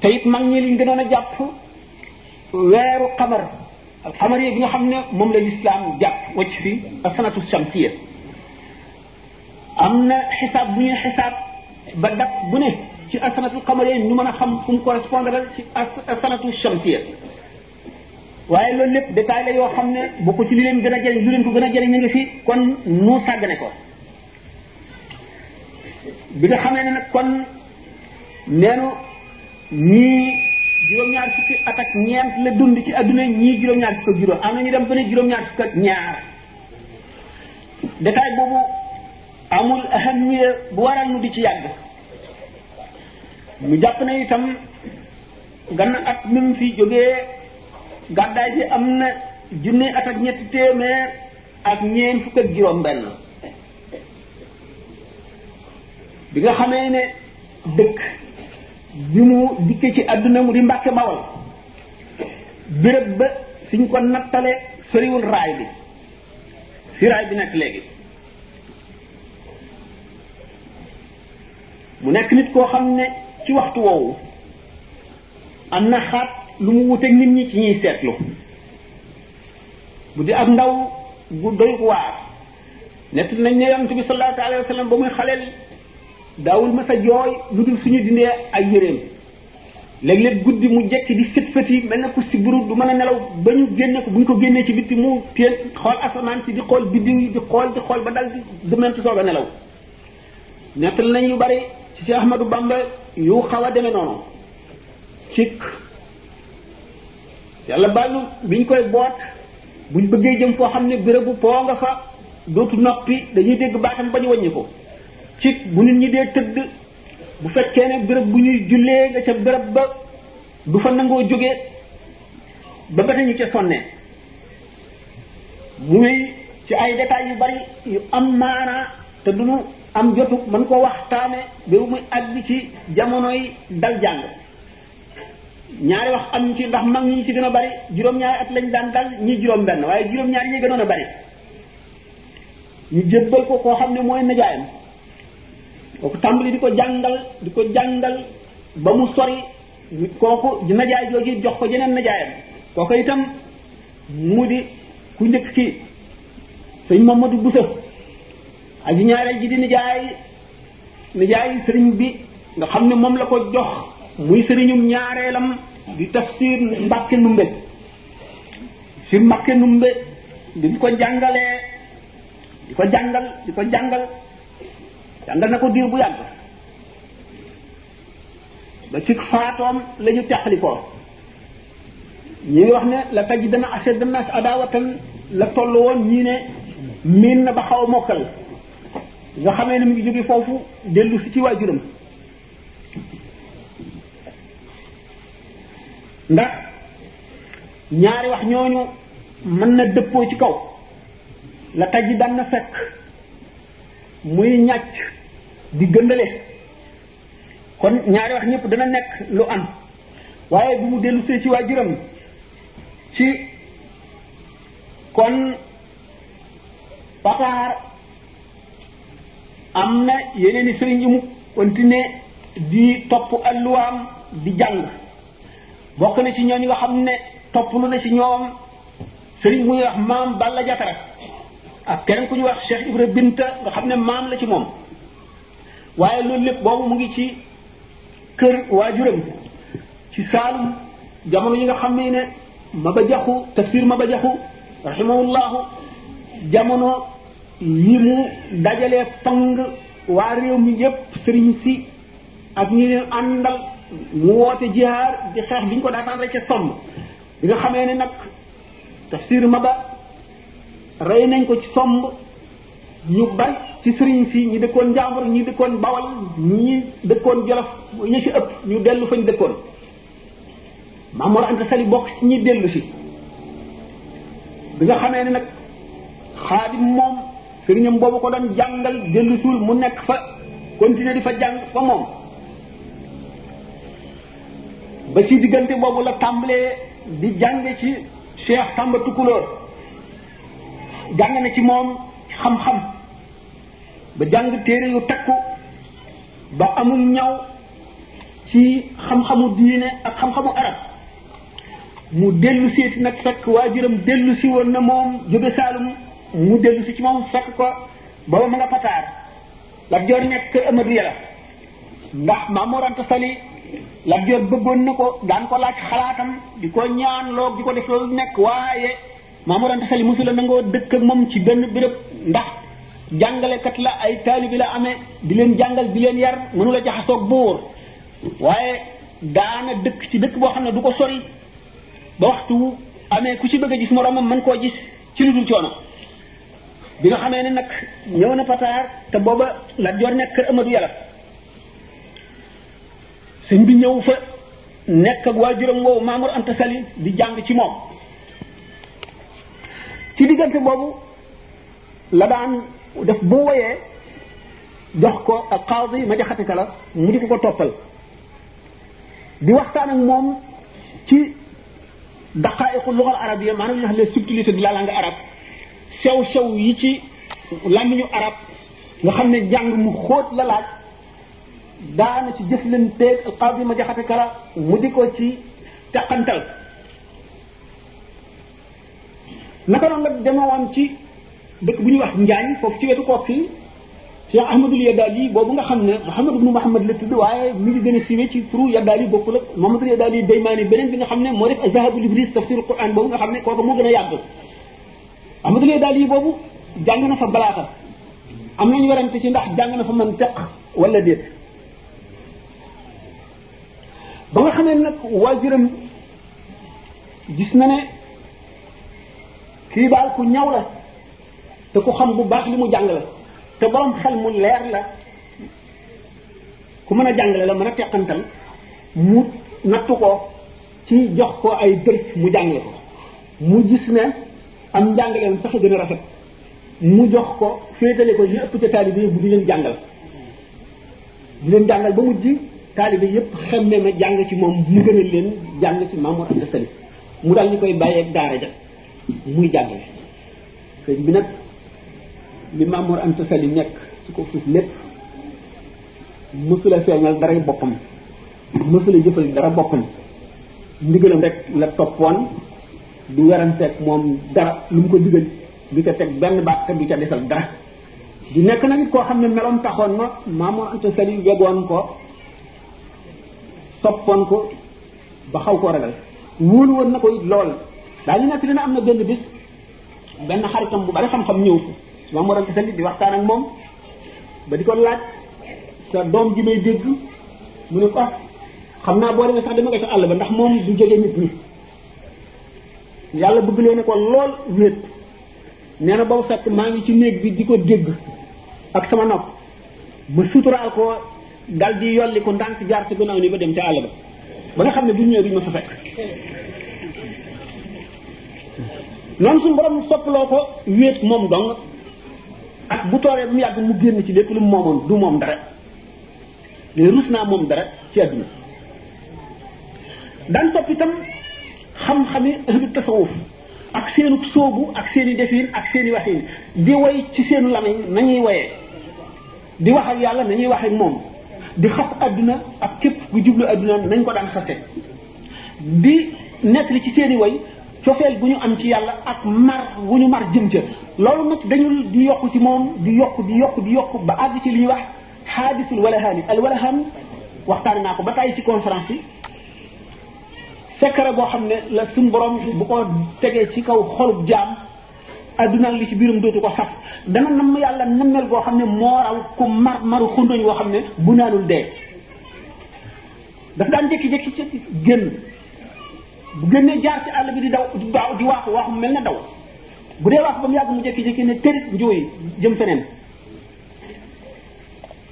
te it mag ñi liñ gënoon a jàpp weeru xamar xamar yi bi nga xam ne moom la lislaam jàpp wacc fi asanatu shamsiya am na xisaab bu ñuy xisaab ba dat bu ne ci asanatu xamar ñu mën a xam fu mu correspondre ci asanatu shamsiya waaye loolu lépp détail la yoo xam ne bu ko ci li leen gën a jëriñ lu leen ko gën a jëriñ mi ngi fi kon nu sàggane ko bi nga xamee ne nag kon neenu ñii juróom-ñaar fukki at ak ñeent la dund ci adduna ñii juróom-ñaar fukk ak juróom am na ñu dem ba ne juróom-ñaar fukk ak ñaar détail boobu amul ahamiya bu waral nu di ci yàgg ñu jàpp ne itam gann at mi mu fi jógee gàddaay bi am na junne at ak ñetti téeméer ak ñeent fukk ak juróom-benn bi nga xamee ne dëkk bi mu dikke ci àdduna mu di Mbàkke Bawol béréb ba fi ñu ko nattale soriwul raay bi fi raay bi nag léegi mu nekk nit koo xam ne ci waxtu woowu am na xaat lu mu wuteeg nit ñi ci ñuy seetlu bu di ak ndaw bu doy waar nett nañ ne yonent bi sallallahu alayhi wa sallam ba muy xaleel daawul mës a jooy lu dul suñu dindee ak yëreem léeg-léeg guddi mu jekki di fët fët yi mel na ku sibbiru du mën a nelaw ba ñu génne ko bu ñu ko génnee ci bitti mu téen xool asamaan si di xool biddiw yi di xool di xool ba dal di dement soog a nelaw nettal nañ yu bari ci Ahmadu Bamba yu xawa a noonu cikk yàlla baal biñ koy boot buñ bëggee jëm foo xam ne bérébu poo nga fa dootu noppi dañuy dégg baatam ba ñu wàññi ko bu nit ñi dee tëdd bu fekkee ne bërëb bu ñuy jullee nga ca béréb ba du fa nangoo jóge ba ba ñu ca sonne muy ci ay détails yu bari yu am maanaa te duñu am jotu koo ko waxtaane ba muy àgg ci jamonoy dal jàng ñaari wax am ñu ci ndax mag ñu ci gën a bari juróom-ñaari at lañ daan dal ñi juróom-benn waaye juróom-ñaari ñi gënoon a bari ñu jébbal ko koo xam ne mooy nijaayam kooku tàmbali di ko jàngal di ko jàngal ba mu sori kooku nijaay jooju jox ko yeneen nijaayam kooku itam mu di ku njëkk ki sëñ Mamadu Busa ak ñaareel ji di nijaay nijaay sëriñ bi nga xam ne moom la ko jox muy sëriñum ñaareelam di tafsir Mbàkke Numbe si Mbàkke Numbe di ko jàngalee di ko jàngal di ko jàngal jàngal na ko diir bu yàgg ba ci faatoom la ñu teqalikoo ñi ngi wax ne la taj dana ashad an-nas adawatan la toll woon ñii ne miin na ba xaw a mokkal nga xamee ne mu ngi foofu dellu si ci waajuram ndax ñaari wax ñooñu mën na dëppoo ci kaw la taj daan na fekk muy ñàcc di gëndale kon ñaari wax ñépp dana nekk lu am waaye bu mu dellu see ci waajuram ci kon pataar am na yeneen i sëriñ yi mu continuer di topp alluwaam di jàll bokk na ci ñooñu nga xam ne topp lu na ci ñoom sëriñ muy wax maam Balla Jatara ak keneen ku ñu wax Cheikh Ibra bint nga xam ne maam la ci moom waaye loolu lépp boobu mu ngi ci kër waajuram ci Saalum jamono yi nga xam ne ne Maba Jaxu ma Maba Jaxu rahimahullahu jamono yi mu dajalee fang waa réew mi yépp sëriñ si ak ñi leen àndal mu woote jihaar di xeex bi ñu ko daataan rek ca sonn bi nga xamee ni nag tafsir maga rey nañ ko ci somb ñu bari ci sëriñ si ñi dëkkoon njàmbur ñi dëkkoon bawal ñu dëkkoon jolof ñu ci ëpp ñu dellu fañ dëkkoon Maamoor Anta Sali bokk ci dellu si bi nga xamee ne nag xaadim moom sëriñam boobu ko doon jàngal dellu suul mu nekk fa continuer di fa jàng fa moom ba ci diggante boobu la tàmbalee di jànge ci Cheikh tàmbatu Tukulóor jàng na ci moom xam-xam ba jàng téere yu takku ba amul ñaw ci xam-xamu diine ak xam-xamu arab mu dellu seeti nag fekk waajuram dellu si woon na moom jóge Saalum mu dellu si ci moom fekk ko booba ma nga pataar la joor nekk kër Amadu Yàlla ndax Maam Mor Anta Lat Joor bëggoon na ko daan ko laaj xalaatam di ko ñaan loog di ko def loolu nekk waaye Maamor Anta Sali mosula nangoo dëkk ak moom ci benn béréb ndax jàngalekat la ay taalibi la amee di leen jàngal di leen yar mënu la jaxasoog buur waaye daana dëkk ci dëkk boo xam ne du ko sori ba waxtu amee ku ci bëgg a gis moroomam mën koo gis ci lu dul coono bi nga xamee ne nag ñëw na te booba Lat Joor nekk kër Amadu Yàlla sëñ bi ñëw fa nekk ak waajuram woowu Maamor Anta di jàng ci moom ci diggante boobu la daan def bu woyee jox ko ak xaadi ma jaxate kala mu di ko ko toppal di waxtaan ak moom ci daqaayiqu lugal arabiya maanaam ñu xam ne subtilité de la langue arabe sew sew yi ci làmmiñu arab nga xam ne jàng mu xóot la laaj daana ci jëflanteeg alqaadi ma jaxate kala mu di ko ci teqantal naka noonu la demewoon ci dëkk bu ñu wax Njaañ foofu ci wetu kook fii Cheikh Ahmadul yi boobu nga xam ne Muhammad ibnu Muhammad la tudd waaye mi ngi gën a siiwee ci turu Yadali bokkul ak Muhammadul Yadali Daymaani beneen bi nga xam ne moo def Zahabul Ibris tafsirul Quran boobu nga xam ne kooku moo gën a yàgg Ahmadul Yadali boobu jàng na fa balaaxa am nañu werante ci ndax jàng na fa man teq wala déet ba nga xam ne nag waajuram gis na ne kii daal ku ñaw la te ku xam bu baax li mu jàngale te borom xel mu leer la ku mën a jàngale la mën a teqantal mu nattu ko ci jox ko ay dërëj mu jàngale mu gis ne am njàngaleem sax a gën a rafet mu jox ko féetale ko ñu ëpp ca taalibe bu di leen jàngal di leen jàngal ba mujj taalibe yépp xemme ma jàng ci moom mu gën leen jàng ci Mamour Anta Sali mu daal ñu koy bàyyeeg daara ja muy jàngale sëñ bi nag li Mamour Anta Sali nekk su ko fuuf lépp mësula feeñal daray boppam mësula jëfal dara boppam ndigalam rek la toppoon du weranteeg moom dara lu mu ko digal di ko teg benn baax te du ca desal dara di nekk nag koo xam ne meloom taxoon na Mamour Anta Sali wegoon ko soppoon ko ba xaw koo ragal wóolu woon na ko it lool daañu nekk dina am na benn bis benn xaritam bu bari xam-xam ñëw ma mu ci sali waxtaan ak moom ba di ko laaj sa doom ji may dégg mu ne ko ah, xam naa boo demee sax dama nga ca àll ba ndax moom du jege nit ñi yàlla bëgg leen ko lool wéet nee na boobu fekk maa ngi ci néeg bi di ko dégg ak sama nopp ma suturaal ko dal di yolliku ndànk jaar ci gannaaw ni ba dem ca àll ba ba nga xam ne bu ñëwee duñu ma fa fekk noonu suñu borom soppaloo ko wéet moom dong ak bu tooree bu mu yàgg mu génn ci lépp lu mu du moom dara mais rus naa moom dara ci àdduna daan topp itam xam-xami ahlu tasawuf ak seenu sóobu ak seeni defin ak seeni waxin di ci seenu lamiñ nañuy woyee di wax ak yàlla nañuy wax ak moom di xas adduna ak képp ku jublu adduna nañ ko daan xase di nett li ci seeni way cofeel bu ñu am ci yàlla ak mar wu ñu mar jëm ca loolu nag dañu di yokk ci moom di yokk di yokk di yokk ba àgg ci li ñuy wax xaadisul walahaani al walahaan waxtaane naa ko ba tàyyi ci conférence yi sekara boo xam ne la suñ borom bu ko tegee ci kaw xolub jaam adduna li ci biiram dootu ko sax dana nam yàlla nammeel boo xam ne moo raw ku mar maru xundoñ woo xam ne bu naanul dee daf daan jékki-jékki ci génn bu génnee jaar ci àll bi di daw di daaw di waaxu mel na daw bu dee waaxu ba mu yàgg mu jékki-jékki ne tërit njiw jëm feneen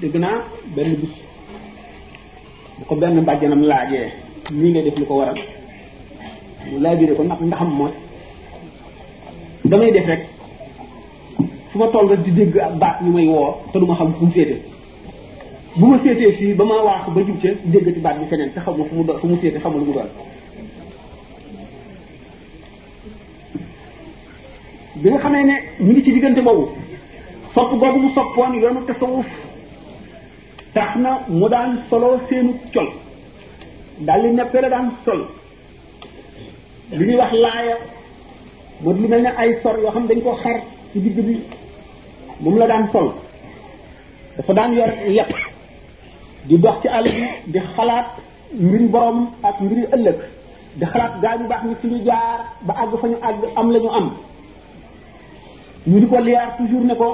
dégg naa benn bis bu ko benn mbàjjanam laajee nii ngay def li ko waral laaj bi ko ndax ndaxam mooy damay def rek. fu ma toll di dégg ak baat ñu may woo te du ma xam fu mu féete bu ma féetee fii ba ma waax ba jub ca déggati baat bi feneen te xam ma fu mu do fu mu féete xamul mu doon bi nga xamee ne ñu ngi ci diggante boobu sopp boobu mu soppoon yoonu tasawuf tax na mu daan solo seenu col daal li neppee la daan sol lu ñuy wax laaya moo lu mel ne ay sor yoo xam ne dañ ko xar ci digg bi moom la daan sol dafa daan yor yet di dox ci àll bi di xalaat mbiri borom ak mbiri ëllëg di xalaat gaa ñu baax ñu fi ñu jaar ba àgg fa ñu àgg am la ñu am ñu di ko liyaar toujours ne ko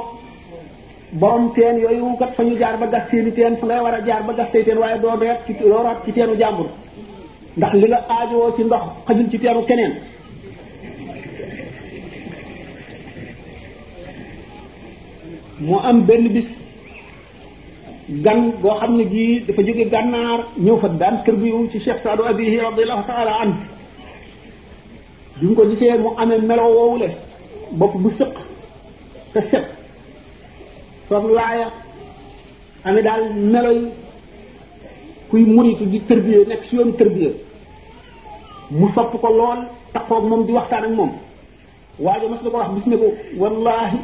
borom teen yooyu kat fa ñu jaar ba gas seeni teen fa ngay war a jaar ba gas tey teen waaye doo reet ci doo ci teenu jàmbur ndax li la aajoo ci ndox xajul ci teenu keneen moo am benn bis gan goo xam ne jii dafa jóge gànnaar ñëw fa daan kër bi ci Cheikh Saadu Abihi radiallahu taala an bi mu ko gisee mu amee melo woowule bopp bu sëq te sëq soog amee daal melo yi kuy muritu di tërbiye nekk si yoon tërbiye mu sopp ko lool taxoog moom di waxtaan ak moom waaye mas na ko wax ko wallaahi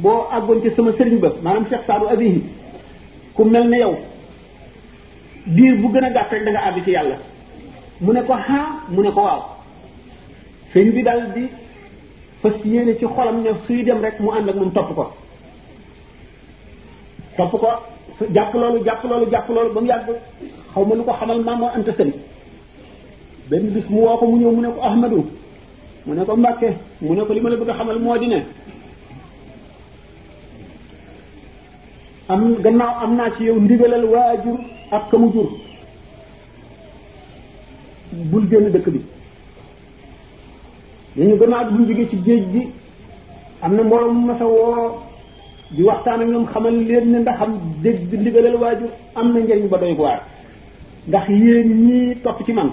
boo àggoon ci sama sëriñ ba maanaam Cheikh Sadou Abihi ku mel ne yow diir bu gën a gàtt rek da nga ci yàlla mu ne ko haa mu ne ko waaw sëriñ bi daal di fas yéene ci xolam ne suy dem rek mu ànd ak moom topp ko topp ko jàpp loolu jàpp loolu jàpp loolu ba mu yàgg xaw ma lu ko xamal maam moo anta sëriñ benn bis mu woo ko mu ñëw mu ne ko Ahmadu mu ne ko Mbàkke mu ne ko li ma la bëgg a xamal moo di ne am gannaaw am naa ci yow ndigalal waajur ak ka mu jur bul génn dëkk bi li ñu gannaaw bu ñu jógee ci géej gi am na mbooloo mu masa woo di waxtaan ak ñoom xamal leen ne ndax am dégg di ndigalal waajur am na njëriñ ba doy ko waar ndax yéen ñii topp ci man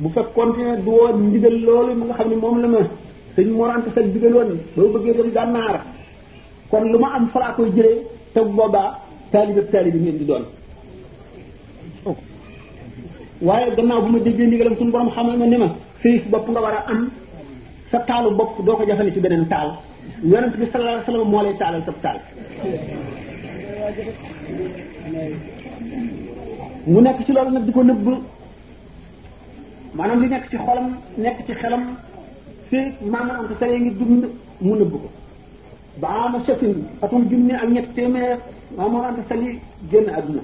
bu fekk continuer du woon ndigal loolu mu nga xam ne moom la ma sëñ Mor Anta Sall digal woon boo bëggee dem gànnaar kon lu ma am falaa koy jëlee te boobaa taalibab taalibi ngeen di doon waaye gannaaw bu ma déggee ndigalam suñu borom xamal ma ne ma sëyif bopp nga war a am sa taalu bopp doo ko jafane ci beneen taal yonent bi sallallahu moo lay taalal sa taal mu nekk ci loolu nag di ko nëbb maanaam li nekk ci xolam nekk ci xelam fii maam Anta Sall ngi dund mu nëbb ko ba ama safin atum junne ak ñett téeméer Maam Mor Anta Sali génn àdduna